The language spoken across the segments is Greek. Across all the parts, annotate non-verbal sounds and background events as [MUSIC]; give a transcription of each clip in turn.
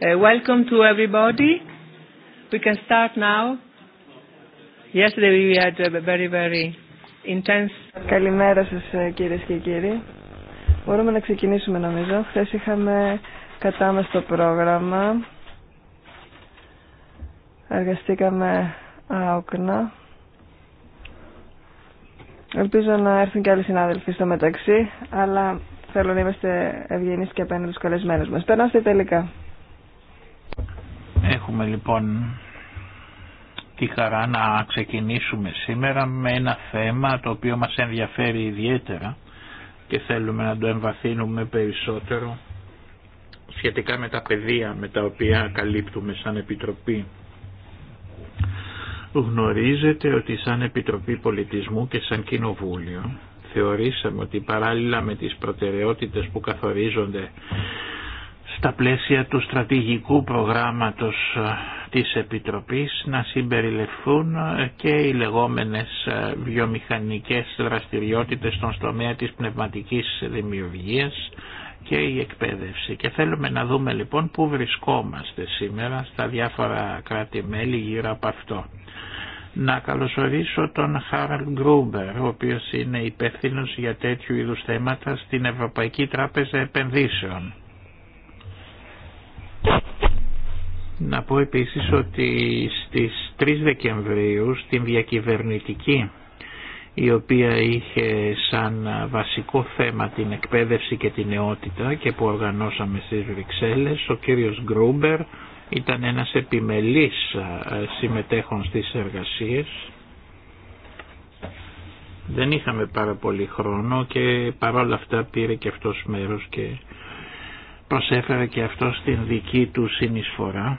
Uh, welcome to everybody. We can start now. Yesterday we had a very, very intense... Καλημέρα σας ε, κυρίες και κύριοι. Μπορούμε να ξεκινήσουμε νομίζω. Χθε είχαμε κατάμεστο πρόγραμμα. Εργαστήκαμε άοκνα. Ελπίζω να έρθουν και άλλοι συνάδελφοι στο μεταξύ, αλλά θέλω να είμαστε ευγενείς και απέναντι στους καλεσμένους μας. Περνάστε τελικά. Έχουμε λοιπόν τη χαρά να ξεκινήσουμε σήμερα με ένα θέμα το οποίο μας ενδιαφέρει ιδιαίτερα και θέλουμε να το εμβαθύνουμε περισσότερο σχετικά με τα πεδία με τα οποία καλύπτουμε σαν Επιτροπή. Γνωρίζετε ότι σαν Επιτροπή Πολιτισμού και σαν Κοινοβούλιο θεωρήσαμε ότι παράλληλα με τις προτεραιότητες που καθορίζονται στα πλαίσια του στρατηγικού προγράμματος ε, της Επιτροπής να συμπεριληφθούν ε, και οι λεγόμενες ε, βιομηχανικές δραστηριότητες στον τομέα της πνευματικής δημιουργίας και η εκπαίδευση. Και θέλουμε να δούμε λοιπόν πού βρισκόμαστε σήμερα στα διάφορα κράτη-μέλη γύρω από αυτό. Να καλωσορίσω τον Χάραλ Γκρούμπερ, ο οποίος είναι υπεύθυνο για τέτοιου είδους θέματα στην Ευρωπαϊκή Τράπεζα Επενδύσεων. Να πω επίσης ότι στις 3 Δεκεμβρίου στην διακυβερνητική η οποία είχε σαν βασικό θέμα την εκπαίδευση και την νεότητα και που οργανώσαμε στις Βρυξέλλες, ο κύριος Γκρούμπερ ήταν ένας επιμελής ε, συμμετέχων στις εργασίες. Δεν είχαμε πάρα πολύ χρόνο και παρόλα αυτά πήρε και αυτός μέρος και προσέφερε και αυτό στην δική του συνεισφορά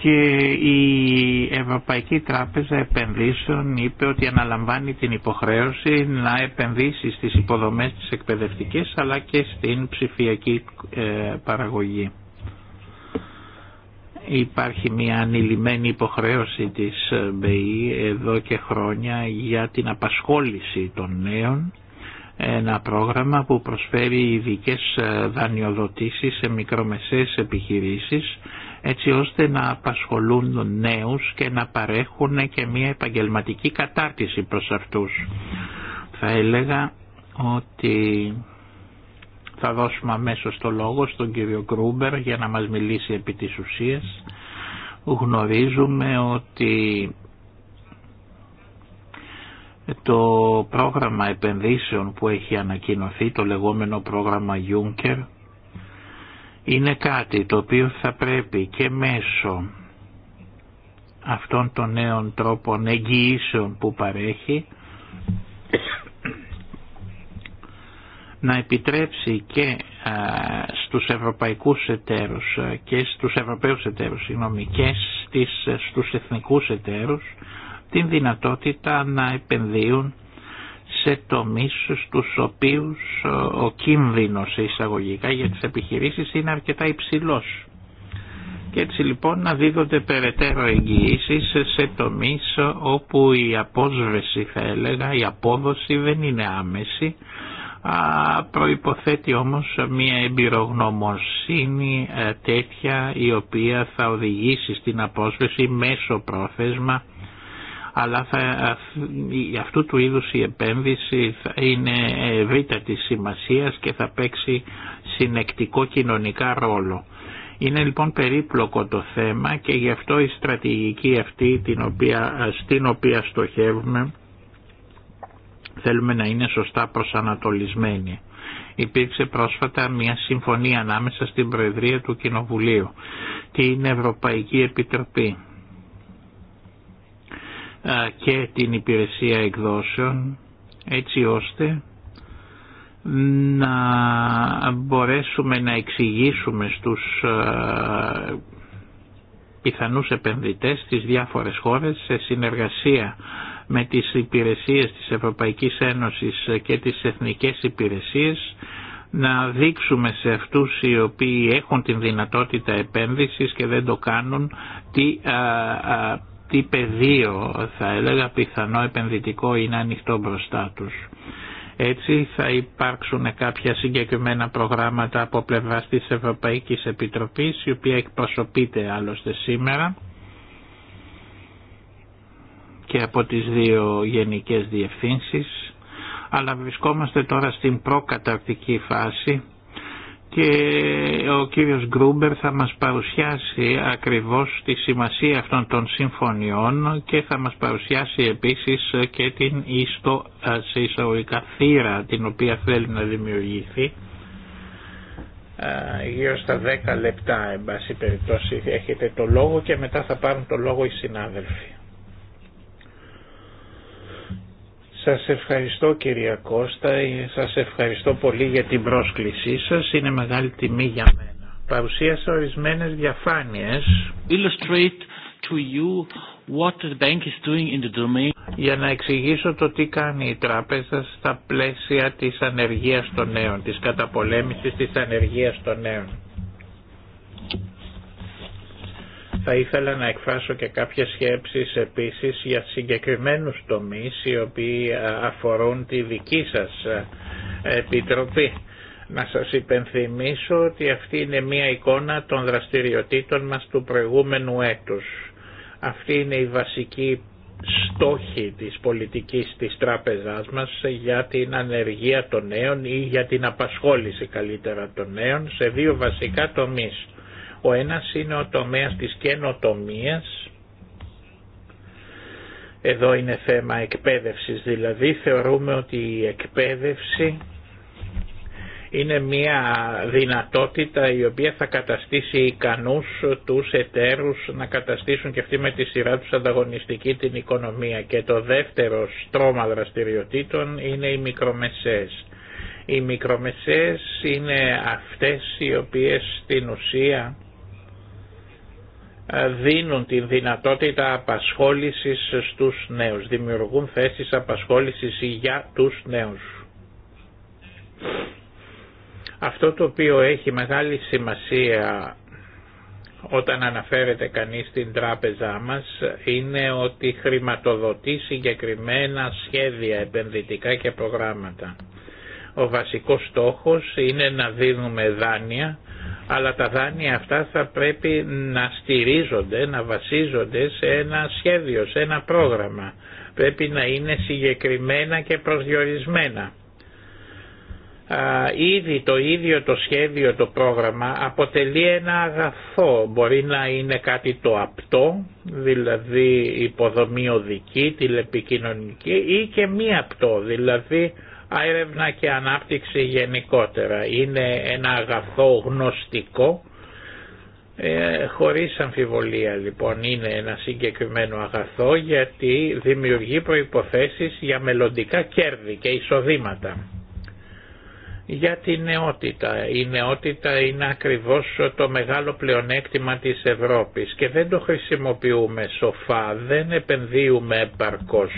και η Ευρωπαϊκή Τράπεζα Επενδύσεων είπε ότι αναλαμβάνει την υποχρέωση να επενδύσει στις υποδομές της εκπαιδευτικής αλλά και στην ψηφιακή ε, παραγωγή. Υπάρχει μια ανηλυμένη υποχρέωση της ε, ΜΠΕΗ εδώ και χρόνια για την απασχόληση των νέων ένα πρόγραμμα που προσφέρει ειδικέ ε, δανειοδοτήσεις σε μικρομεσαίες επιχειρήσεις έτσι ώστε να απασχολούν νέους και να παρέχουν και μια επαγγελματική κατάρτιση προς αυτούς. Θα έλεγα ότι θα δώσουμε αμέσω το λόγο στον κύριο Γκρούμπερ για να μας μιλήσει επί της ουσίας. Γνωρίζουμε ότι το πρόγραμμα επενδύσεων που έχει ανακοινωθεί, το λεγόμενο πρόγραμμα Juncker, είναι κάτι το οποίο θα πρέπει και μέσω αυτών των νέων τρόπων εγγυήσεων που παρέχει να επιτρέψει και στους ευρωπαϊκούς εταίρους και στους ευρωπαίους εταίρους συγγνώμη και στις, στους εθνικούς εταίρους την δυνατότητα να επενδύουν σε τομείς στους οποίους ε, ο κίνδυνος εισαγωγικά για τις επιχειρήσεις είναι αρκετά υψηλός. Και έτσι λοιπόν να δίδονται περαιτέρω εγγυήσει σε τομείς όπου η απόσβεση θα έλεγα, η απόδοση δεν είναι άμεση, προϋποθέτει όμως μια εμπειρογνωμοσύνη ε, τέτοια η οποία θα οδηγήσει στην απόσβεση μέσω πρόθεσμα αλλά θα, ε, αυτού του είδους η επένδυση θα είναι ευρύτατη σημασίας και θα παίξει συνεκτικό κοινωνικά ρόλο. Είναι λοιπόν περίπλοκο το θέμα και γι' αυτό η στρατηγική αυτή την οποία, ε, στην οποία στοχεύουμε θέλουμε να είναι σωστά προσανατολισμένη. Υπήρξε πρόσφατα μια συμφωνία ανάμεσα στην Προεδρία του Κοινοβουλίου, την Ευρωπαϊκή Επιτροπή, και την υπηρεσία εκδόσεων έτσι ώστε να μπορέσουμε να εξηγήσουμε στους πιθανούς επενδυτές στις διάφορες χώρες σε συνεργασία με τις υπηρεσίες της Ευρωπαϊκής Ένωσης και τις εθνικές υπηρεσίες να δείξουμε σε αυτούς οι οποίοι έχουν την δυνατότητα επένδυσης και δεν το κάνουν τι τι πεδίο θα έλεγα πιθανό επενδυτικό είναι ανοιχτό μπροστά τους. Έτσι θα υπάρξουν κάποια συγκεκριμένα προγράμματα από πλευρά της Ευρωπαϊκής Επιτροπής η οποία εκπροσωπείται άλλωστε σήμερα και από τις δύο γενικές διευθύνσεις αλλά βρισκόμαστε τώρα στην προκαταρκτική φάση και ο κύριος Γκρούμπερ θα μας παρουσιάσει ακριβώς τη σημασία αυτών των συμφωνιών και θα μας παρουσιάσει επίσης και την ιστο, ε, σε εισαγωγικά θύρα την οποία θέλει να δημιουργηθεί ε, γύρω στα 10 λεπτά εν πάση περιπτώσει έχετε το λόγο και μετά θα πάρουν το λόγο οι συνάδελφοι. Σας ευχαριστώ κυρία Κώστα, σας ευχαριστώ πολύ για την πρόσκλησή σας, είναι μεγάλη τιμή για μένα. Παρουσίασα ορισμένες διαφάνειες Illustrate to you what the bank is doing in the domain. για να εξηγήσω το τι κάνει η τράπεζα στα πλαίσια της ανεργίας των νέων, της καταπολέμησης της ανεργίας των νέων. Θα ήθελα να εκφράσω και κάποιες σκέψεις επίσης για συγκεκριμένους τομείς οι οποίοι αφορούν τη δική σας επιτροπή. Να σας υπενθυμίσω ότι αυτή είναι μία εικόνα των δραστηριοτήτων μας του προηγούμενου έτους. Αυτή είναι η βασική στόχη της πολιτικής της τράπεζάς μας για την ανεργία των νέων ή για την απασχόληση καλύτερα των νέων σε δύο βασικά τομείς ο ένας είναι ο τομέας της καινοτομίας, εδώ είναι θέμα εκπαίδευσης δηλαδή, θεωρούμε ότι η εκπαίδευση είναι μια δυνατότητα η οποία θα καταστήσει ικανούς τους εταίρους να καταστήσουν και αυτοί με τη σειρά τους ανταγωνιστική την οικονομία. Και το δεύτερο στρώμα δραστηριοτήτων είναι οι μικρομεσαίες. Οι μικρομεσαίες είναι αυτές οι οποίες στην ουσία ε, δίνουν την δυνατότητα απασχόλησης στους νέους, δημιουργούν θέσεις απασχόλησης για τους νέους. Αυτό το οποίο έχει μεγάλη σημασία όταν αναφέρεται κανείς στην τράπεζά μας είναι ότι χρηματοδοτεί συγκεκριμένα σχέδια επενδυτικά και προγράμματα. Ο βασικός στόχος είναι να δίνουμε δάνεια αλλά τα δάνεια αυτά θα πρέπει να στηρίζονται, να βασίζονται σε ένα σχέδιο, σε ένα πρόγραμμα. Πρέπει να είναι συγκεκριμένα και προσδιορισμένα. Ήδη το ίδιο το σχέδιο, το πρόγραμμα αποτελεί ένα αγαθό. Μπορεί να είναι κάτι το απτό, δηλαδή υποδομή οδική, τηλεπικοινωνική ή και μη απτό, δηλαδή έρευνα και ανάπτυξη γενικότερα. Είναι ένα αγαθό γνωστικό, ε, χωρίς αμφιβολία λοιπόν είναι ένα συγκεκριμένο αγαθό γιατί δημιουργεί προϋποθέσεις για μελλοντικά κέρδη και εισοδήματα. Για τη νεότητα. Η νεότητα είναι ακριβώς το μεγάλο πλεονέκτημα της Ευρώπης και δεν το χρησιμοποιούμε σοφά, δεν επενδύουμε επαρκώς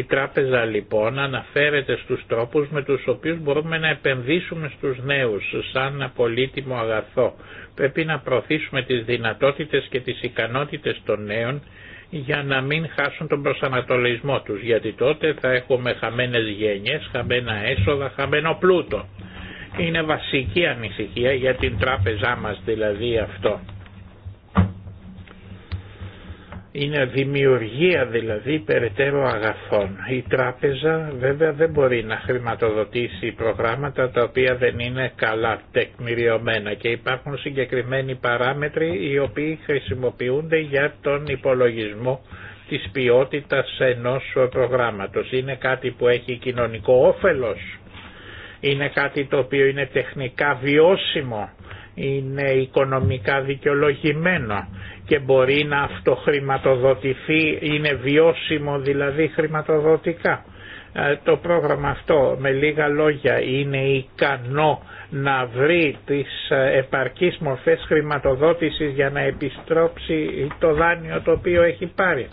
η τράπεζα λοιπόν αναφέρεται στους τρόπους με τους οποίους μπορούμε να επενδύσουμε στους νέους σαν ένα πολύτιμο αγαθό. Πρέπει να προωθήσουμε τις δυνατότητες και τις ικανότητες των νέων για να μην χάσουν τον προσανατολισμό τους, γιατί τότε θα έχουμε χαμένες γένειες, χαμένα έσοδα, χαμένο πλούτο. Είναι βασική ανησυχία για την τράπεζά μας δηλαδή αυτό. Είναι δημιουργία δηλαδή περαιτέρω αγαθών. Η τράπεζα βέβαια δεν μπορεί να χρηματοδοτήσει προγράμματα τα οποία δεν είναι καλά τεκμηριωμένα και υπάρχουν συγκεκριμένοι παράμετροι οι οποίοι χρησιμοποιούνται για τον υπολογισμό της ποιότητας ενός προγράμματος. Είναι κάτι που έχει κοινωνικό όφελος, είναι κάτι το οποίο είναι τεχνικά βιώσιμο, είναι οικονομικά δικαιολογημένο, και μπορεί να αυτοχρηματοδοτηθεί, είναι βιώσιμο δηλαδή χρηματοδοτικά. Ε, το πρόγραμμα αυτό με λίγα λόγια είναι ικανό να βρει τις ε, επαρκείς μορφές χρηματοδότησης για να επιστρέψει το δάνειο το οποίο έχει πάρει.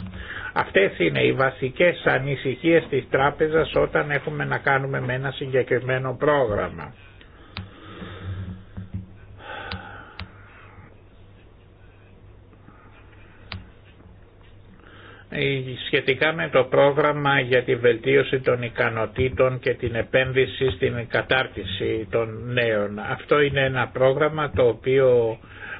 Αυτές είναι οι βασικές ανησυχίες της τράπεζας όταν έχουμε να κάνουμε με ένα συγκεκριμένο πρόγραμμα. Ε, σχετικά με το πρόγραμμα για τη βελτίωση των ικανοτήτων και την επένδυση στην κατάρτιση των νέων. Αυτό είναι ένα πρόγραμμα το οποίο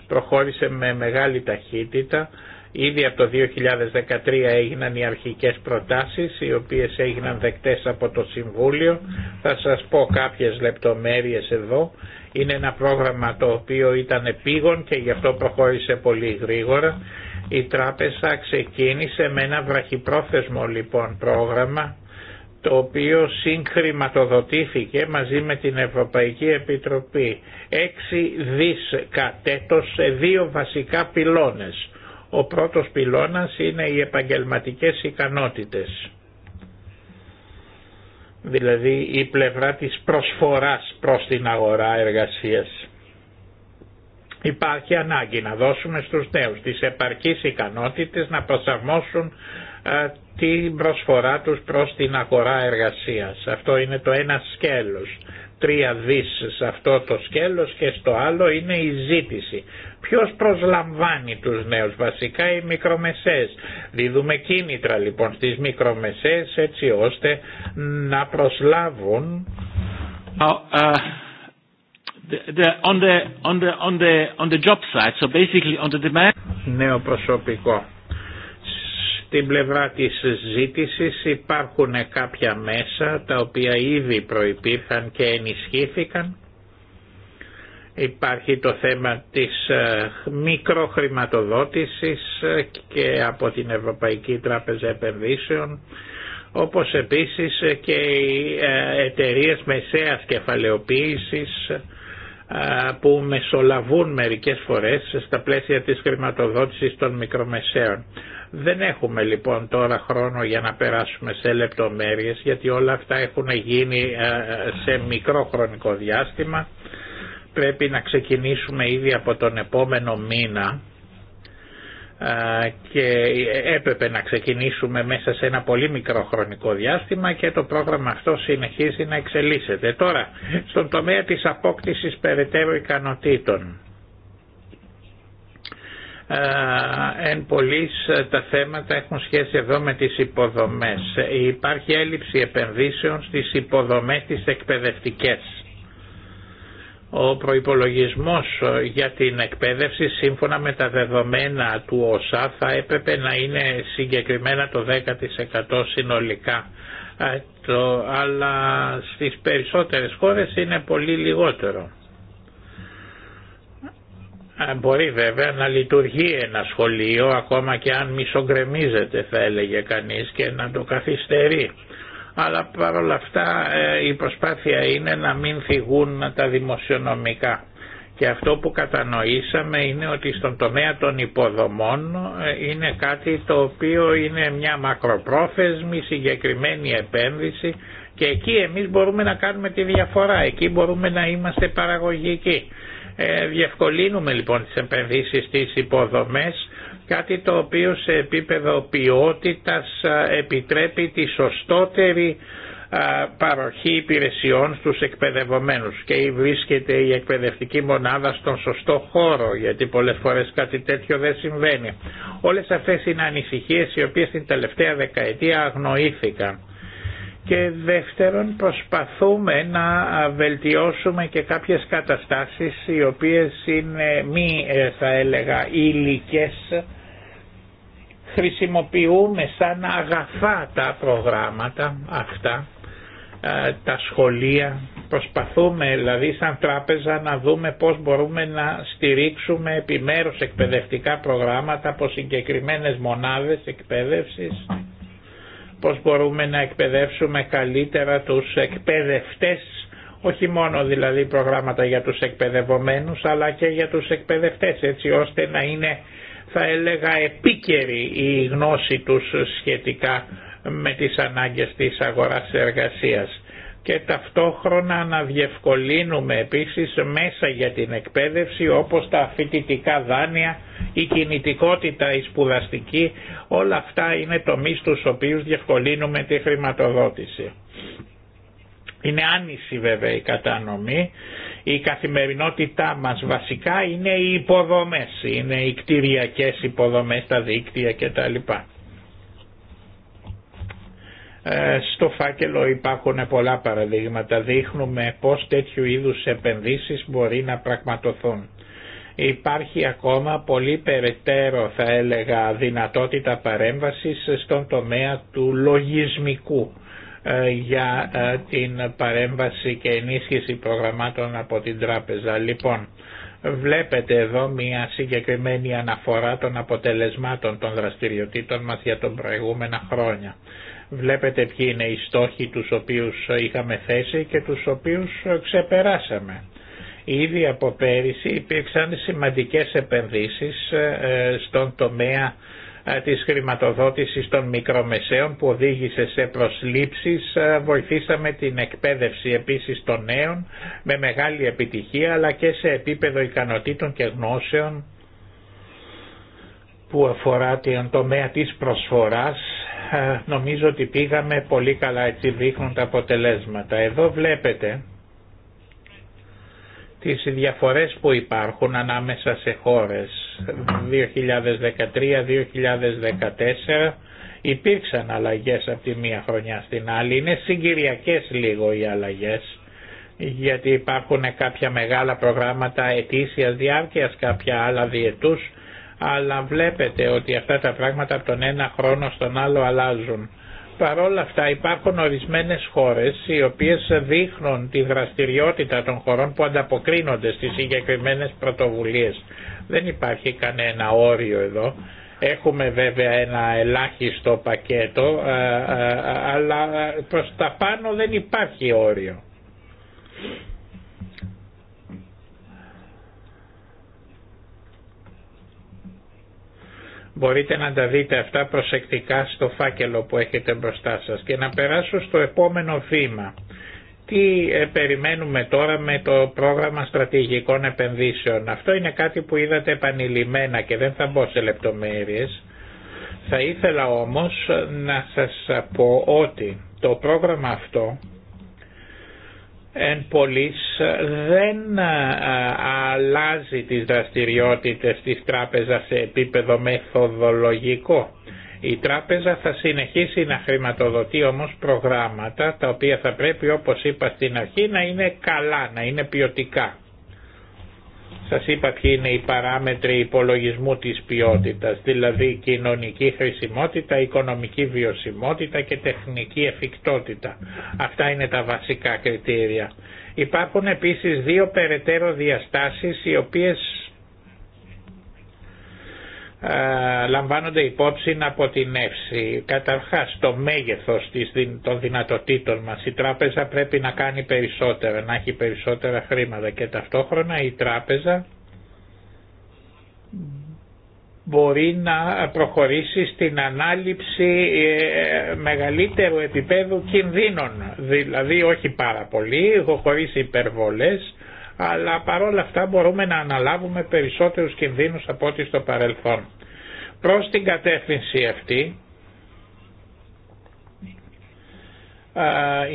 προχώρησε με μεγάλη ταχύτητα. Ήδη από το 2013 έγιναν οι αρχικές προτάσεις οι οποίες έγιναν δεκτές από το Συμβούλιο. Θα σας πω κάποιες λεπτομέρειες εδώ. Είναι ένα πρόγραμμα το οποίο ήταν επίγον και γι' αυτό προχώρησε πολύ γρήγορα η τράπεζα ξεκίνησε με ένα βραχυπρόθεσμο λοιπόν πρόγραμμα το οποίο συγχρηματοδοτήθηκε μαζί με την Ευρωπαϊκή Επιτροπή. έξι δις κατέτος σε δύο βασικά πυλώνες. Ο πρώτος πυλώνας είναι οι επαγγελματικές ικανότητες. Δηλαδή η πλευρά της προσφοράς προς την αγορά εργασίας. Υπάρχει ανάγκη να δώσουμε στους νέους τις επαρκείς ικανότητες να προσαρμόσουν ε, την προσφορά τους προς την αγορά εργασίας. Αυτό είναι το ένα σκέλος. Τρία δις σε αυτό το σκέλος και στο άλλο είναι η ζήτηση. Ποιος προσλαμβάνει τους νέους, βασικά οι μικρομεσές. Δίδουμε κίνητρα λοιπόν στις μικρομεσές έτσι ώστε να προσλάβουν... Uh, Νέο προσωπικό. Στην πλευρά της ζήτησης υπάρχουν κάποια μέσα τα οποία ήδη προπήρχαν και ενισχύθηκαν. Υπάρχει το θέμα της ε, μικροχρηματοδότησης ε, και από την Ευρωπαϊκή Τράπεζα Επενδύσεων όπως επίσης και οι ε, εταιρείες μεσαίας κεφαλαιοποίησης που μεσολαβούν μερικές φορές στα πλαίσια της χρηματοδότησης των μικρομεσαίων. Δεν έχουμε λοιπόν τώρα χρόνο για να περάσουμε σε λεπτομέρειες γιατί όλα αυτά έχουν γίνει σε μικρό χρονικό διάστημα. Πρέπει να ξεκινήσουμε ήδη από τον επόμενο μήνα και έπρεπε να ξεκινήσουμε μέσα σε ένα πολύ μικρό χρονικό διάστημα και το πρόγραμμα αυτό συνεχίζει να εξελίσσεται. Τώρα, στον τομέα της απόκτησης περαιτέρω ικανοτήτων. Εν πολλής ε, τα θέματα έχουν σχέση εδώ με τις υποδομές. Ε, υπάρχει έλλειψη επενδύσεων στις υποδομές τις εκπαιδευτικές ο προϋπολογισμός ε, για την εκπαίδευση σύμφωνα με τα δεδομένα του ΟΣΑ θα έπρεπε να είναι συγκεκριμένα το 10% συνολικά. Ε, το, αλλά στις περισσότερες χώρες είναι πολύ λιγότερο. Ε, μπορεί βέβαια να λειτουργεί ένα σχολείο ακόμα και αν μισογκρεμίζεται θα έλεγε κανείς και να το καθυστερεί αλλά παρόλα αυτά ε, η προσπάθεια είναι να μην θυγούν τα δημοσιονομικά. Και αυτό που κατανοήσαμε είναι ότι στον τομέα των υποδομών ε, είναι κάτι το οποίο είναι μια μακροπρόθεσμη συγκεκριμένη επένδυση και εκεί εμείς μπορούμε να κάνουμε τη διαφορά, εκεί μπορούμε να είμαστε παραγωγικοί. Ε, διευκολύνουμε λοιπόν τις επενδύσεις στις υποδομές κάτι το οποίο σε επίπεδο ποιότητας επιτρέπει τη σωστότερη παροχή υπηρεσιών στους εκπαιδευομένους και βρίσκεται η εκπαιδευτική μονάδα στον σωστό χώρο γιατί πολλές φορές κάτι τέτοιο δεν συμβαίνει. Όλες αυτές είναι ανησυχίες οι οποίες την τελευταία δεκαετία αγνοήθηκαν. Και δεύτερον προσπαθούμε να βελτιώσουμε και κάποιες καταστάσεις οι οποίες είναι μη ε, θα έλεγα υλικές χρησιμοποιούμε σαν αγαθά τα προγράμματα αυτά, ε, τα σχολεία. Προσπαθούμε δηλαδή σαν τράπεζα να δούμε πώς μπορούμε να στηρίξουμε επιμέρους εκπαιδευτικά προγράμματα από συγκεκριμένες μονάδες εκπαίδευσης, πώς μπορούμε να εκπαιδεύσουμε καλύτερα τους εκπαιδευτές όχι μόνο δηλαδή προγράμματα για τους εκπαιδευομένους αλλά και για τους εκπαιδευτές έτσι ώστε να είναι θα έλεγα επίκαιρη η γνώση τους σχετικά με τις ανάγκες της αγοράς εργασίας και ταυτόχρονα να διευκολύνουμε επίσης μέσα για την εκπαίδευση όπως τα φοιτητικά δάνεια, η κινητικότητα, η σπουδαστική, όλα αυτά είναι τομείς στους οποίους διευκολύνουμε τη χρηματοδότηση. Είναι άνηση βέβαια η κατανομή. Η καθημερινότητά μας βασικά είναι οι υποδομές, είναι οι κτηριακές υποδομές, τα δίκτυα κτλ. Ε, στο φάκελο υπάρχουν πολλά παραδείγματα, δείχνουμε πως τέτοιου είδους επενδύσεις μπορεί να πραγματοθούν. Υπάρχει ακόμα πολύ περαιτέρω θα έλεγα δυνατότητα παρέμβασης στον τομέα του λογισμικού ε, για ε, την παρέμβαση και ενίσχυση προγραμμάτων από την τράπεζα. Λοιπόν, βλέπετε εδώ μια συγκεκριμένη αναφορά των αποτελεσμάτων των δραστηριοτήτων μας για τον προηγούμενα χρόνια. Βλέπετε ποιοι είναι οι στόχοι τους οποίους είχαμε θέσει και τους οποίους ξεπεράσαμε. Ήδη από πέρυσι υπήρξαν σημαντικές επενδύσεις ε, στον τομέα ε, της χρηματοδότησης των μικρομεσαίων που οδήγησε σε προσλήψεις. Ε, βοηθήσαμε την εκπαίδευση επίσης των νέων με μεγάλη επιτυχία αλλά και σε επίπεδο ικανοτήτων και γνώσεων που αφορά την τομέα της προσφοράς ε, νομίζω ότι πήγαμε πολύ καλά έτσι δείχνουν τα αποτελέσματα. Εδώ βλέπετε τις διαφορές που υπάρχουν ανάμεσα σε χώρες 2013-2014 υπήρξαν αλλαγές από τη μία χρονιά στην άλλη είναι συγκυριακές λίγο οι αλλαγές γιατί υπάρχουν κάποια μεγάλα προγράμματα ετήσιας διάρκειας κάποια άλλα διετούς αλλά βλέπετε ότι αυτά τα πράγματα από τον ένα χρόνο στον άλλο αλλάζουν παρόλα αυτά υπάρχουν ορισμένες χώρες οι οποίες δείχνουν τη δραστηριότητα των χωρών που ανταποκρίνονται στις συγκεκριμένες πρωτοβουλίες. Δεν υπάρχει κανένα όριο εδώ. Έχουμε βέβαια ένα ελάχιστο πακέτο, αλλά προς τα πάνω δεν υπάρχει όριο. Μπορείτε να τα δείτε αυτά προσεκτικά στο φάκελο που έχετε μπροστά σας και να περάσω στο επόμενο βήμα. Τι ε, περιμένουμε τώρα με το πρόγραμμα στρατηγικών επενδύσεων. Αυτό είναι κάτι που είδατε επανειλημμένα και δεν θα μπω σε λεπτομέρειες. Θα ήθελα όμως να σας πω ότι το πρόγραμμα αυτό εν πολλής δεν αλλάζει τις δραστηριότητες της τράπεζας σε επίπεδο μεθοδολογικό. Η τράπεζα θα συνεχίσει να χρηματοδοτεί όμως προγράμματα τα οποία θα πρέπει όπως είπα στην αρχή να είναι καλά, να είναι ποιοτικά. Σας είπα ποιοι είναι οι παράμετροι υπολογισμού της ποιότητας, δηλαδή κοινωνική χρησιμότητα, οικονομική βιωσιμότητα και τεχνική εφικτότητα. Αυτά είναι τα βασικά κριτήρια. Υπάρχουν επίσης δύο περαιτέρω διαστάσεις οι οποίες ε, λαμβάνονται υπόψη από την ΕΦΣΗ. Καταρχάς το μέγεθος της, των δυνατοτήτων μας. Η τράπεζα πρέπει να κάνει περισσότερα, να έχει περισσότερα χρήματα και ταυτόχρονα η τράπεζα μπορεί να προχωρήσει στην ανάληψη ε, μεγαλύτερου επίπεδου κινδύνων. Δηλαδή όχι πάρα πολύ, χωρίς υπερβολές, αλλά παρόλα αυτά μπορούμε να αναλάβουμε περισσότερους κινδύνους από ό,τι στο παρελθόν. Προς την κατεύθυνση αυτή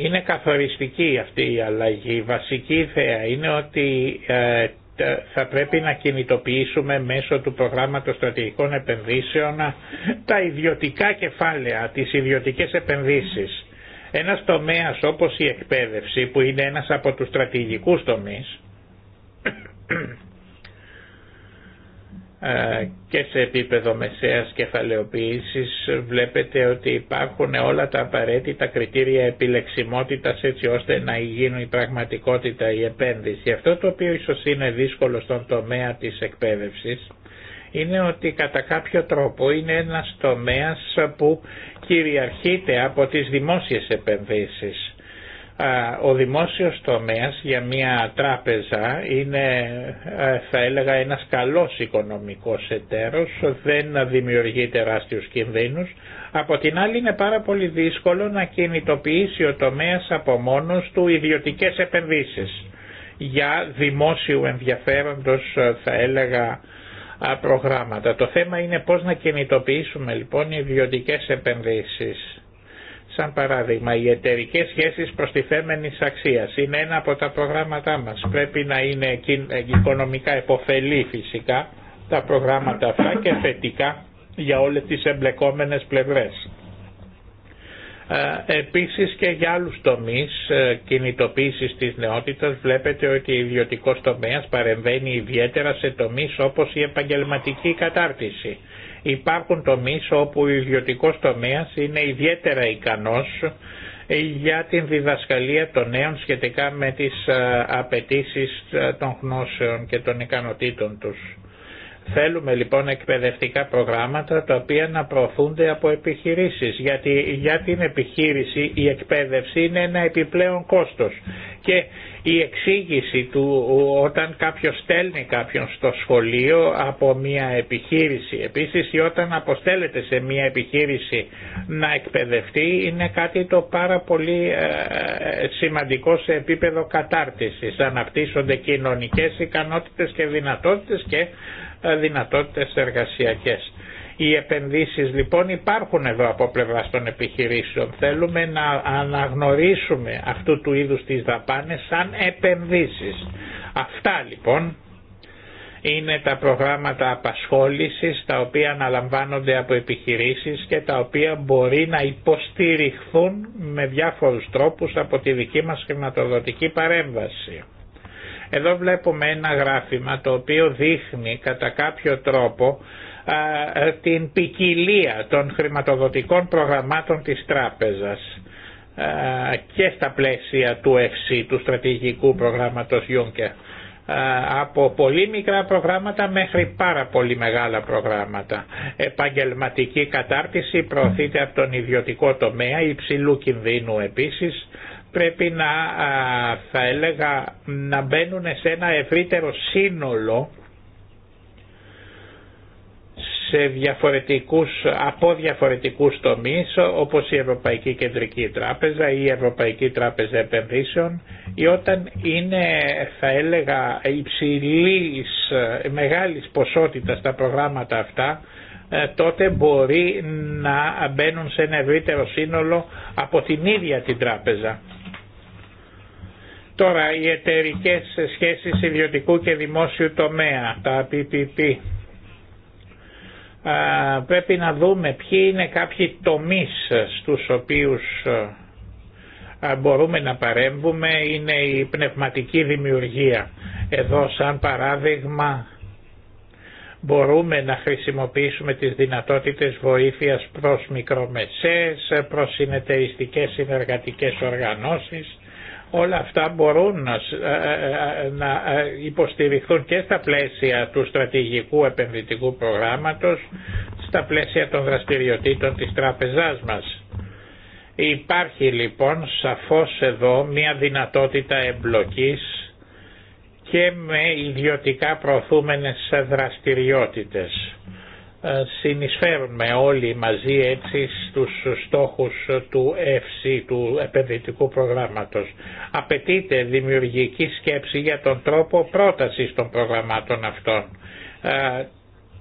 είναι καθοριστική αυτή η αλλαγή. Η βασική ιδέα είναι ότι ε, θα πρέπει να κινητοποιήσουμε μέσω του προγράμματος στρατηγικών επενδύσεων τα ιδιωτικά κεφάλαια, τις ιδιωτικές επενδύσεις. Ένας τομέας όπως η εκπαίδευση που είναι ένας από τους στρατηγικούς τομείς ε, και σε επίπεδο μεσαίας κεφαλαιοποίησης βλέπετε ότι υπάρχουν όλα τα απαραίτητα κριτήρια επιλεξιμότητας έτσι ώστε να γίνει η πραγματικότητα η επένδυση. Αυτό το οποίο ίσως είναι δύσκολο στον τομέα της εκπαίδευσης είναι ότι κατά κάποιο τρόπο είναι ένας τομέας που κυριαρχείται από τις δημόσιες επενδύσεις ο δημόσιος τομέας για μια τράπεζα είναι θα έλεγα ένας καλός οικονομικός εταίρος, δεν δημιουργεί τεράστιους κινδύνους. Από την άλλη είναι πάρα πολύ δύσκολο να κινητοποιήσει ο τομέας από μόνος του ιδιωτικές επενδύσεις για δημόσιου ενδιαφέροντος θα έλεγα προγράμματα. Το θέμα είναι πώς να κινητοποιήσουμε λοιπόν ιδιωτικές επενδύσεις Σαν παράδειγμα, οι εταιρικέ σχέσεις θέμενη αξίας είναι ένα από τα προγράμματά μας. Πρέπει να είναι οικονομικά εποφελή φυσικά τα προγράμματα αυτά και θετικά για όλες τις εμπλεκόμενες πλευρές. Ε, επίσης και για άλλους τομείς ε, κινητοποίησης της νεότητας βλέπετε ότι ο ιδιωτικός τομέας παρεμβαίνει ιδιαίτερα σε τομείς όπως η επαγγελματική κατάρτιση. Υπάρχουν τομείς όπου ο ιδιωτικός τομέας είναι ιδιαίτερα ικανός για την διδασκαλία των νέων σχετικά με τις ε, απαιτήσει ε, των γνώσεων και των ικανοτήτων τους. Θέλουμε λοιπόν εκπαιδευτικά προγράμματα τα οποία να προωθούνται από επιχειρήσεις γιατί για την επιχείρηση η εκπαίδευση είναι ένα επιπλέον κόστος η εξήγηση του όταν κάποιος στέλνει κάποιον στο σχολείο από μια επιχείρηση. Επίσης ή όταν αποστέλλεται σε μια επιχείρηση να εκπαιδευτεί είναι κάτι το πάρα πολύ ε, σημαντικό σε επίπεδο κατάρτισης. Αναπτύσσονται κοινωνικές ικανότητες και δυνατότητες και ε, δυνατότητες εργασιακές. Οι επενδύσεις λοιπόν υπάρχουν εδώ από πλευρά των επιχειρήσεων. Θέλουμε να αναγνωρίσουμε αυτού του είδους τις δαπάνες σαν επενδύσεις. Αυτά λοιπόν είναι τα προγράμματα απασχόλησης τα οποία αναλαμβάνονται από επιχειρήσεις και τα οποία μπορεί να υποστηριχθούν με διάφορους τρόπους από τη δική μας χρηματοδοτική παρέμβαση. Εδώ βλέπουμε ένα γράφημα το οποίο δείχνει κατά κάποιο τρόπο ε, την ποικιλία των χρηματοδοτικών προγραμμάτων της τράπεζας ε, και στα πλαίσια του ΕΦΣΥ, του στρατηγικού προγράμματος Juncker από πολύ μικρά προγράμματα μέχρι πάρα πολύ μεγάλα προγράμματα. Επαγγελματική κατάρτιση προωθείται από τον ιδιωτικό τομέα, υψηλού κινδύνου επίσης. Πρέπει να, θα έλεγα, να μπαίνουν σε ένα ευρύτερο σύνολο σε διαφορετικούς, από διαφορετικούς τομείς όπως η Ευρωπαϊκή Κεντρική Τράπεζα ή η Ευρωπαϊκή Τράπεζα Επενδύσεων ή όταν είναι θα έλεγα υψηλής, μεγάλης ποσότητας τα προγράμματα αυτά ε, τότε μπορεί να μπαίνουν σε ένα ευρύτερο σύνολο από την ίδια την τράπεζα. Τώρα οι εταιρικές σχέσεις ιδιωτικού και δημόσιου τομέα, τα PPP, πρέπει να δούμε ποιοι είναι κάποιοι τομείς στους οποίους μπορούμε να παρέμβουμε είναι η πνευματική δημιουργία. Εδώ σαν παράδειγμα μπορούμε να χρησιμοποιήσουμε τις δυνατότητες βοήθειας προς μικρομεσές, προς συνεταιριστικές συνεργατικές οργανώσεις Όλα αυτά μπορούν να, ε, ε, ε, υποστηριχθούν και στα πλαίσια του στρατηγικού επενδυτικού προγράμματος, στα πλαίσια των δραστηριοτήτων της τράπεζάς μας. Υπάρχει λοιπόν σαφώς εδώ μια δυνατότητα εμπλοκής και με ιδιωτικά προωθούμενες δραστηριότητες. Ε, συνεισφέρουμε όλοι μαζί έτσι στους στόχους του FC, του επενδυτικού προγράμματος. Απαιτείται δημιουργική σκέψη για τον τρόπο πρότασης των προγραμμάτων αυτών. Ε,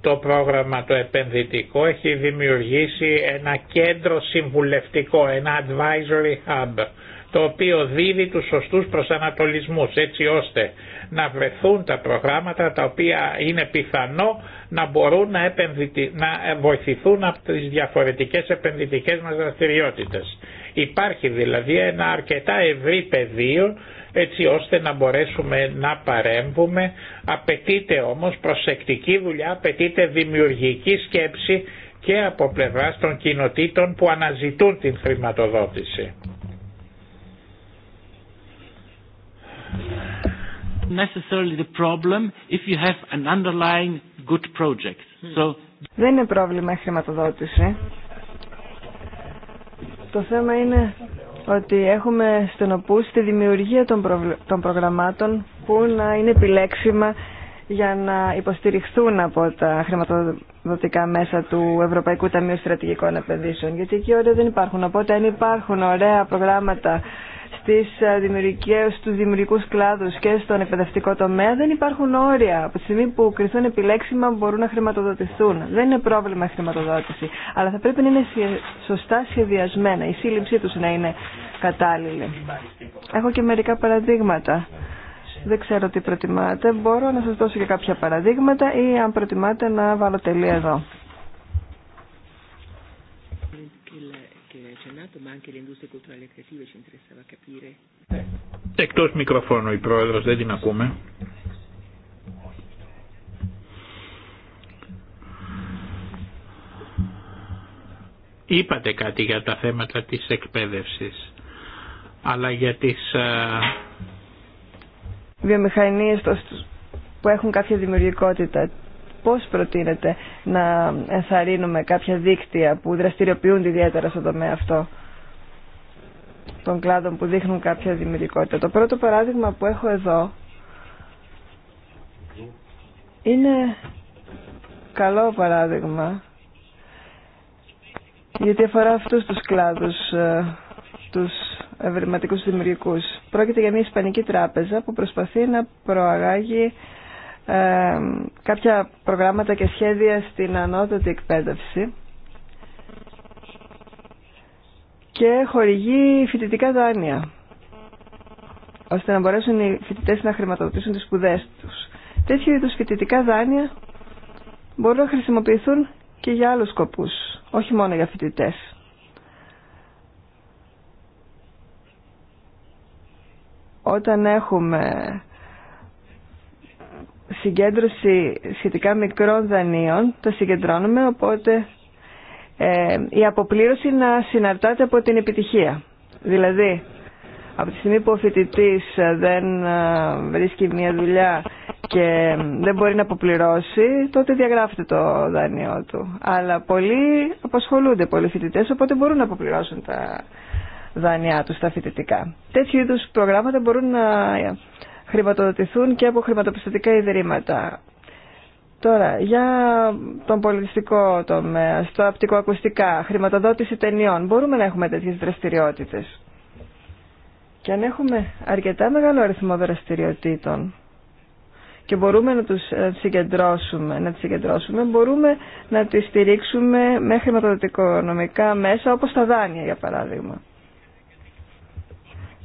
το πρόγραμμα το επενδυτικό έχει δημιουργήσει ένα κέντρο συμβουλευτικό, ένα advisory hub το οποίο δίδει τους σωστούς προσανατολισμούς έτσι ώστε να βρεθούν τα προγράμματα τα οποία είναι πιθανό να μπορούν να, επενδυτι να βοηθηθούν από τις διαφορετικές επενδυτικές μας δραστηριότητες. Υπάρχει δηλαδή ένα αρκετά ευρύ πεδίο έτσι ώστε να μπορέσουμε να παρέμβουμε. Απαιτείται όμως προσεκτική δουλειά, απαιτείται δημιουργική σκέψη και από πλευράς των κοινοτήτων που αναζητούν την χρηματοδότηση. Δεν είναι πρόβλημα η χρηματοδότηση. Το θέμα είναι ότι έχουμε στενοπού στη δημιουργία των, προγραμμάτων που να είναι επιλέξιμα για να υποστηριχθούν από τα χρηματοδοτικά μέσα του Ευρωπαϊκού Ταμείου Στρατηγικών Επενδύσεων. Γιατί εκεί όλα δεν υπάρχουν. Οπότε αν υπάρχουν ωραία προγράμματα στις ε, δημιουργικές, στους δημιουργικούς κλάδους και στον εκπαιδευτικό τομέα δεν υπάρχουν όρια. Από τη στιγμή που κριθούν επιλέξιμα μπορούν να χρηματοδοτηθούν. Δεν είναι πρόβλημα η χρηματοδότηση, αλλά θα πρέπει να είναι σωστά σχεδιασμένα, η σύλληψή τους να είναι κατάλληλη. Έχω και μερικά παραδείγματα. Δεν ξέρω τι προτιμάτε. Μπορώ να σας δώσω και κάποια παραδείγματα ή αν προτιμάτε να βάλω τελεία εδώ. ma anche le industrie culturali e creative ci capire. μικροφώνου η πρόεδρος δεν την ακούμε. Είπατε κάτι για τα θέματα της εκπαίδευσης, αλλά για τις ε, βιομηχανίες που έχουν κάποια δημιουργικότητα, πώς προτείνετε να ενθαρρύνουμε κάποια δίκτυα που δραστηριοποιούνται ιδιαίτερα στον τομέα αυτό των κλάδων που δείχνουν κάποια δημιουργικότητα. Το πρώτο παράδειγμα που έχω εδώ είναι καλό παράδειγμα γιατί αφορά αυτούς τους κλάδους, ε, τους ευρηματικούς δημιουργικούς. Πρόκειται για μια ισπανική τράπεζα που προσπαθεί να προαγάγει ε, κάποια προγράμματα και σχέδια στην ανώτατη εκπαίδευση και χορηγεί φοιτητικά δάνεια ώστε να μπορέσουν οι φοιτητέ να χρηματοδοτήσουν τις σπουδέ τους. Τέτοιου είδους φοιτητικά δάνεια μπορούν να χρησιμοποιηθούν και για άλλους σκοπούς, όχι μόνο για φοιτητέ. Όταν έχουμε συγκέντρωση σχετικά μικρών δανείων, τα συγκεντρώνουμε, οπότε ε, η αποπλήρωση να συναρτάται από την επιτυχία. Δηλαδή, από τη στιγμή που ο φοιτητή ε, δεν ε, βρίσκει μια δουλειά και δεν μπορεί να αποπληρώσει, τότε διαγράφεται το δάνειό του. Αλλά πολλοί απασχολούνται, πολλοί φοιτητέ, οπότε μπορούν να αποπληρώσουν τα δάνειά του, τα φοιτητικά. Τέτοιου είδου προγράμματα μπορούν να χρηματοδοτηθούν και από χρηματοπιστωτικά ιδρύματα. Τώρα, για τον πολιτιστικό τομέα, στο απτικοακουστικά, χρηματοδότηση ταινιών, μπορούμε να έχουμε τέτοιες δραστηριότητες. Και αν έχουμε αρκετά μεγάλο αριθμό δραστηριοτήτων και μπορούμε να τους ε, συγκεντρώσουμε, να τις συγκεντρώσουμε, μπορούμε να τις στηρίξουμε με χρηματοδοτικονομικά μέσα, όπως τα δάνεια, για παράδειγμα.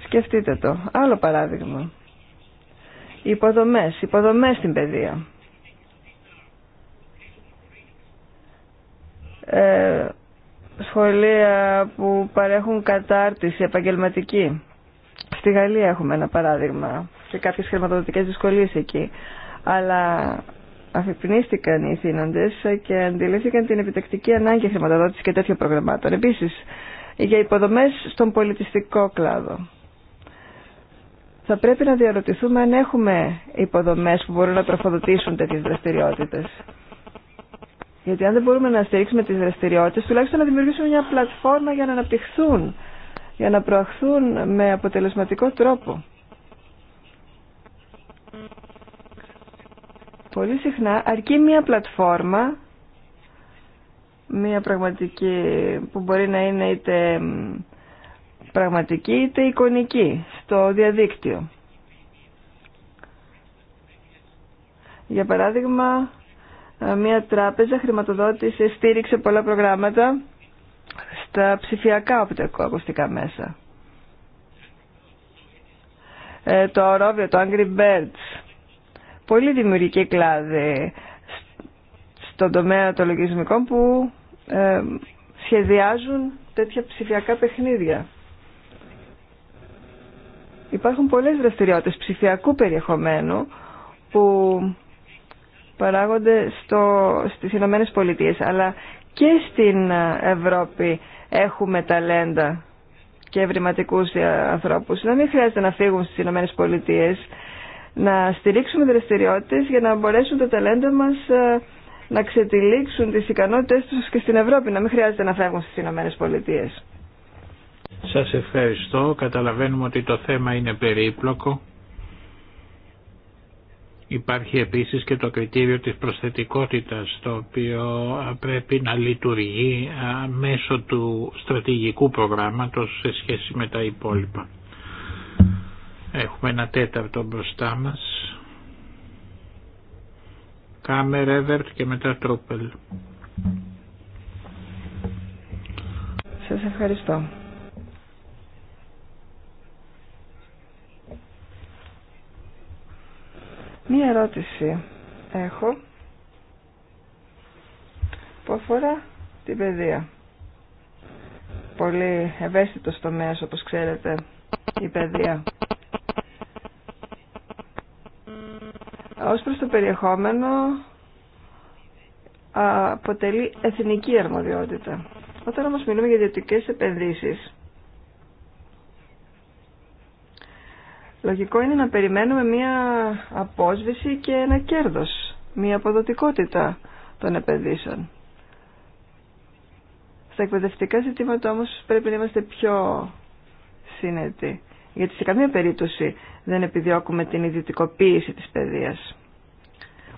Σκεφτείτε το. Άλλο παράδειγμα. Υποδομές, υποδομές στην παιδεία. ε, σχολεία που παρέχουν κατάρτιση επαγγελματική. Στη Γαλλία έχουμε ένα παράδειγμα και κάποιες χρηματοδοτικές δυσκολίες εκεί. Αλλά αφιπνίστηκαν οι θύνοντες και αντιλήφθηκαν την επιτακτική ανάγκη χρηματοδότηση και τέτοιων προγραμμάτων. Επίσης, για υποδομές στον πολιτιστικό κλάδο. Θα πρέπει να διαρωτηθούμε αν έχουμε υποδομές που μπορούν να τροφοδοτήσουν τέτοιες δραστηριότητες. Γιατί αν δεν μπορούμε να στηρίξουμε τις δραστηριότητες, τουλάχιστον να δημιουργήσουμε μια πλατφόρμα για να αναπτυχθούν, για να προαχθούν με αποτελεσματικό τρόπο. Πολύ συχνά αρκεί μια πλατφόρμα, μια πραγματική που μπορεί να είναι είτε πραγματική είτε εικονική στο διαδίκτυο. Για παράδειγμα, ε, μια τράπεζα χρηματοδότησε, στήριξε πολλά προγράμματα στα ψηφιακά οπτικοακουστικά μέσα. Ε, το ορόβιο, το Angry Birds. Πολύ δημιουργική κλάδη στον τομέα των λογισμικών που ε, σχεδιάζουν τέτοια ψηφιακά παιχνίδια. Υπάρχουν πολλές δραστηριότητες ψηφιακού περιεχομένου που παράγονται στο, στις Ηνωμένε Πολιτείες, αλλά και στην ε, Ευρώπη έχουμε ταλέντα και ευρηματικούς ε, ανθρώπους. Να μην χρειάζεται να φύγουν στις Ηνωμένε Πολιτείες, να στηρίξουμε δραστηριότητες για να μπορέσουν τα ταλέντα μας ε, να ξετυλίξουν τις ικανότητες τους και στην Ευρώπη, να μην χρειάζεται να φεύγουν στις Ηνωμένε Πολιτείες. Σας ευχαριστώ. Καταλαβαίνουμε ότι το θέμα είναι περίπλοκο Υπάρχει επίσης και το κριτήριο της προσθετικότητας το οποίο πρέπει να λειτουργεί μέσω του στρατηγικού προγράμματος σε σχέση με τα υπόλοιπα. Έχουμε ένα τέταρτο μπροστά μας. Κάμερ, Εβερτ και μετά Τρόπελ. Σας ευχαριστώ. Μία ερώτηση έχω που αφορά την παιδεία. Πολύ ευαίσθητος τομέας όπως ξέρετε η παιδεία. Ως προς το περιεχόμενο αποτελεί εθνική αρμοδιότητα. Όταν όμως μιλούμε για ιδιωτικές επενδύσεις Λογικό είναι να περιμένουμε μία απόσβηση και ένα κέρδος, μία αποδοτικότητα των επενδύσεων. Στα εκπαιδευτικά ζητήματα όμως πρέπει να είμαστε πιο συνετοί, γιατί σε καμία περίπτωση δεν επιδιώκουμε την ιδιωτικοποίηση της παιδείας.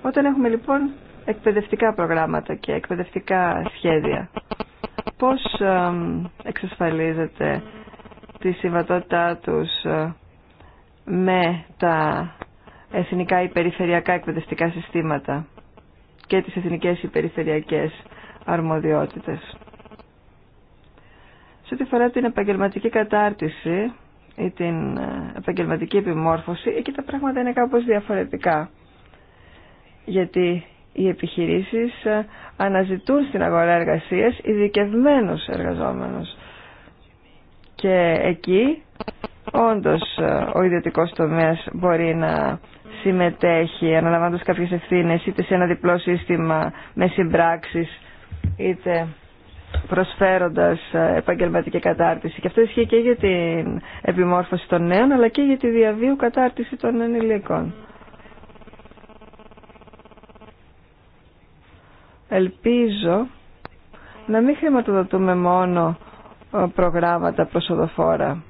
Όταν έχουμε λοιπόν εκπαιδευτικά προγράμματα και εκπαιδευτικά σχέδια, πώς εξασφαλίζεται τη συμβατότητά τους ε, με τα εθνικά ή περιφερειακά εκπαιδευτικά συστήματα και τις εθνικές ή περιφερειακές αρμοδιότητες. Σε ό,τι φορά την επαγγελματική κατάρτιση ή την ε, επαγγελματική επιμόρφωση, εκεί τα πράγματα είναι κάπως διαφορετικά. Γιατί οι επιχειρήσεις ε, αναζητούν στην αγορά εργασίας ειδικευμένους εργαζόμενους. Και εκεί Όντως, ε, ο ιδιωτικός τομέας μπορεί να συμμετέχει αναλαμβάνοντας κάποιες ευθύνες είτε σε ένα διπλό σύστημα με συμπράξεις είτε προσφέροντας ε, επαγγελματική κατάρτιση. Και αυτό ισχύει και για την επιμόρφωση των νέων, αλλά και για τη διαβίου κατάρτιση των ενηλίκων. Ελπίζω να μην χρηματοδοτούμε μόνο ε, προγράμματα προσοδοφόρα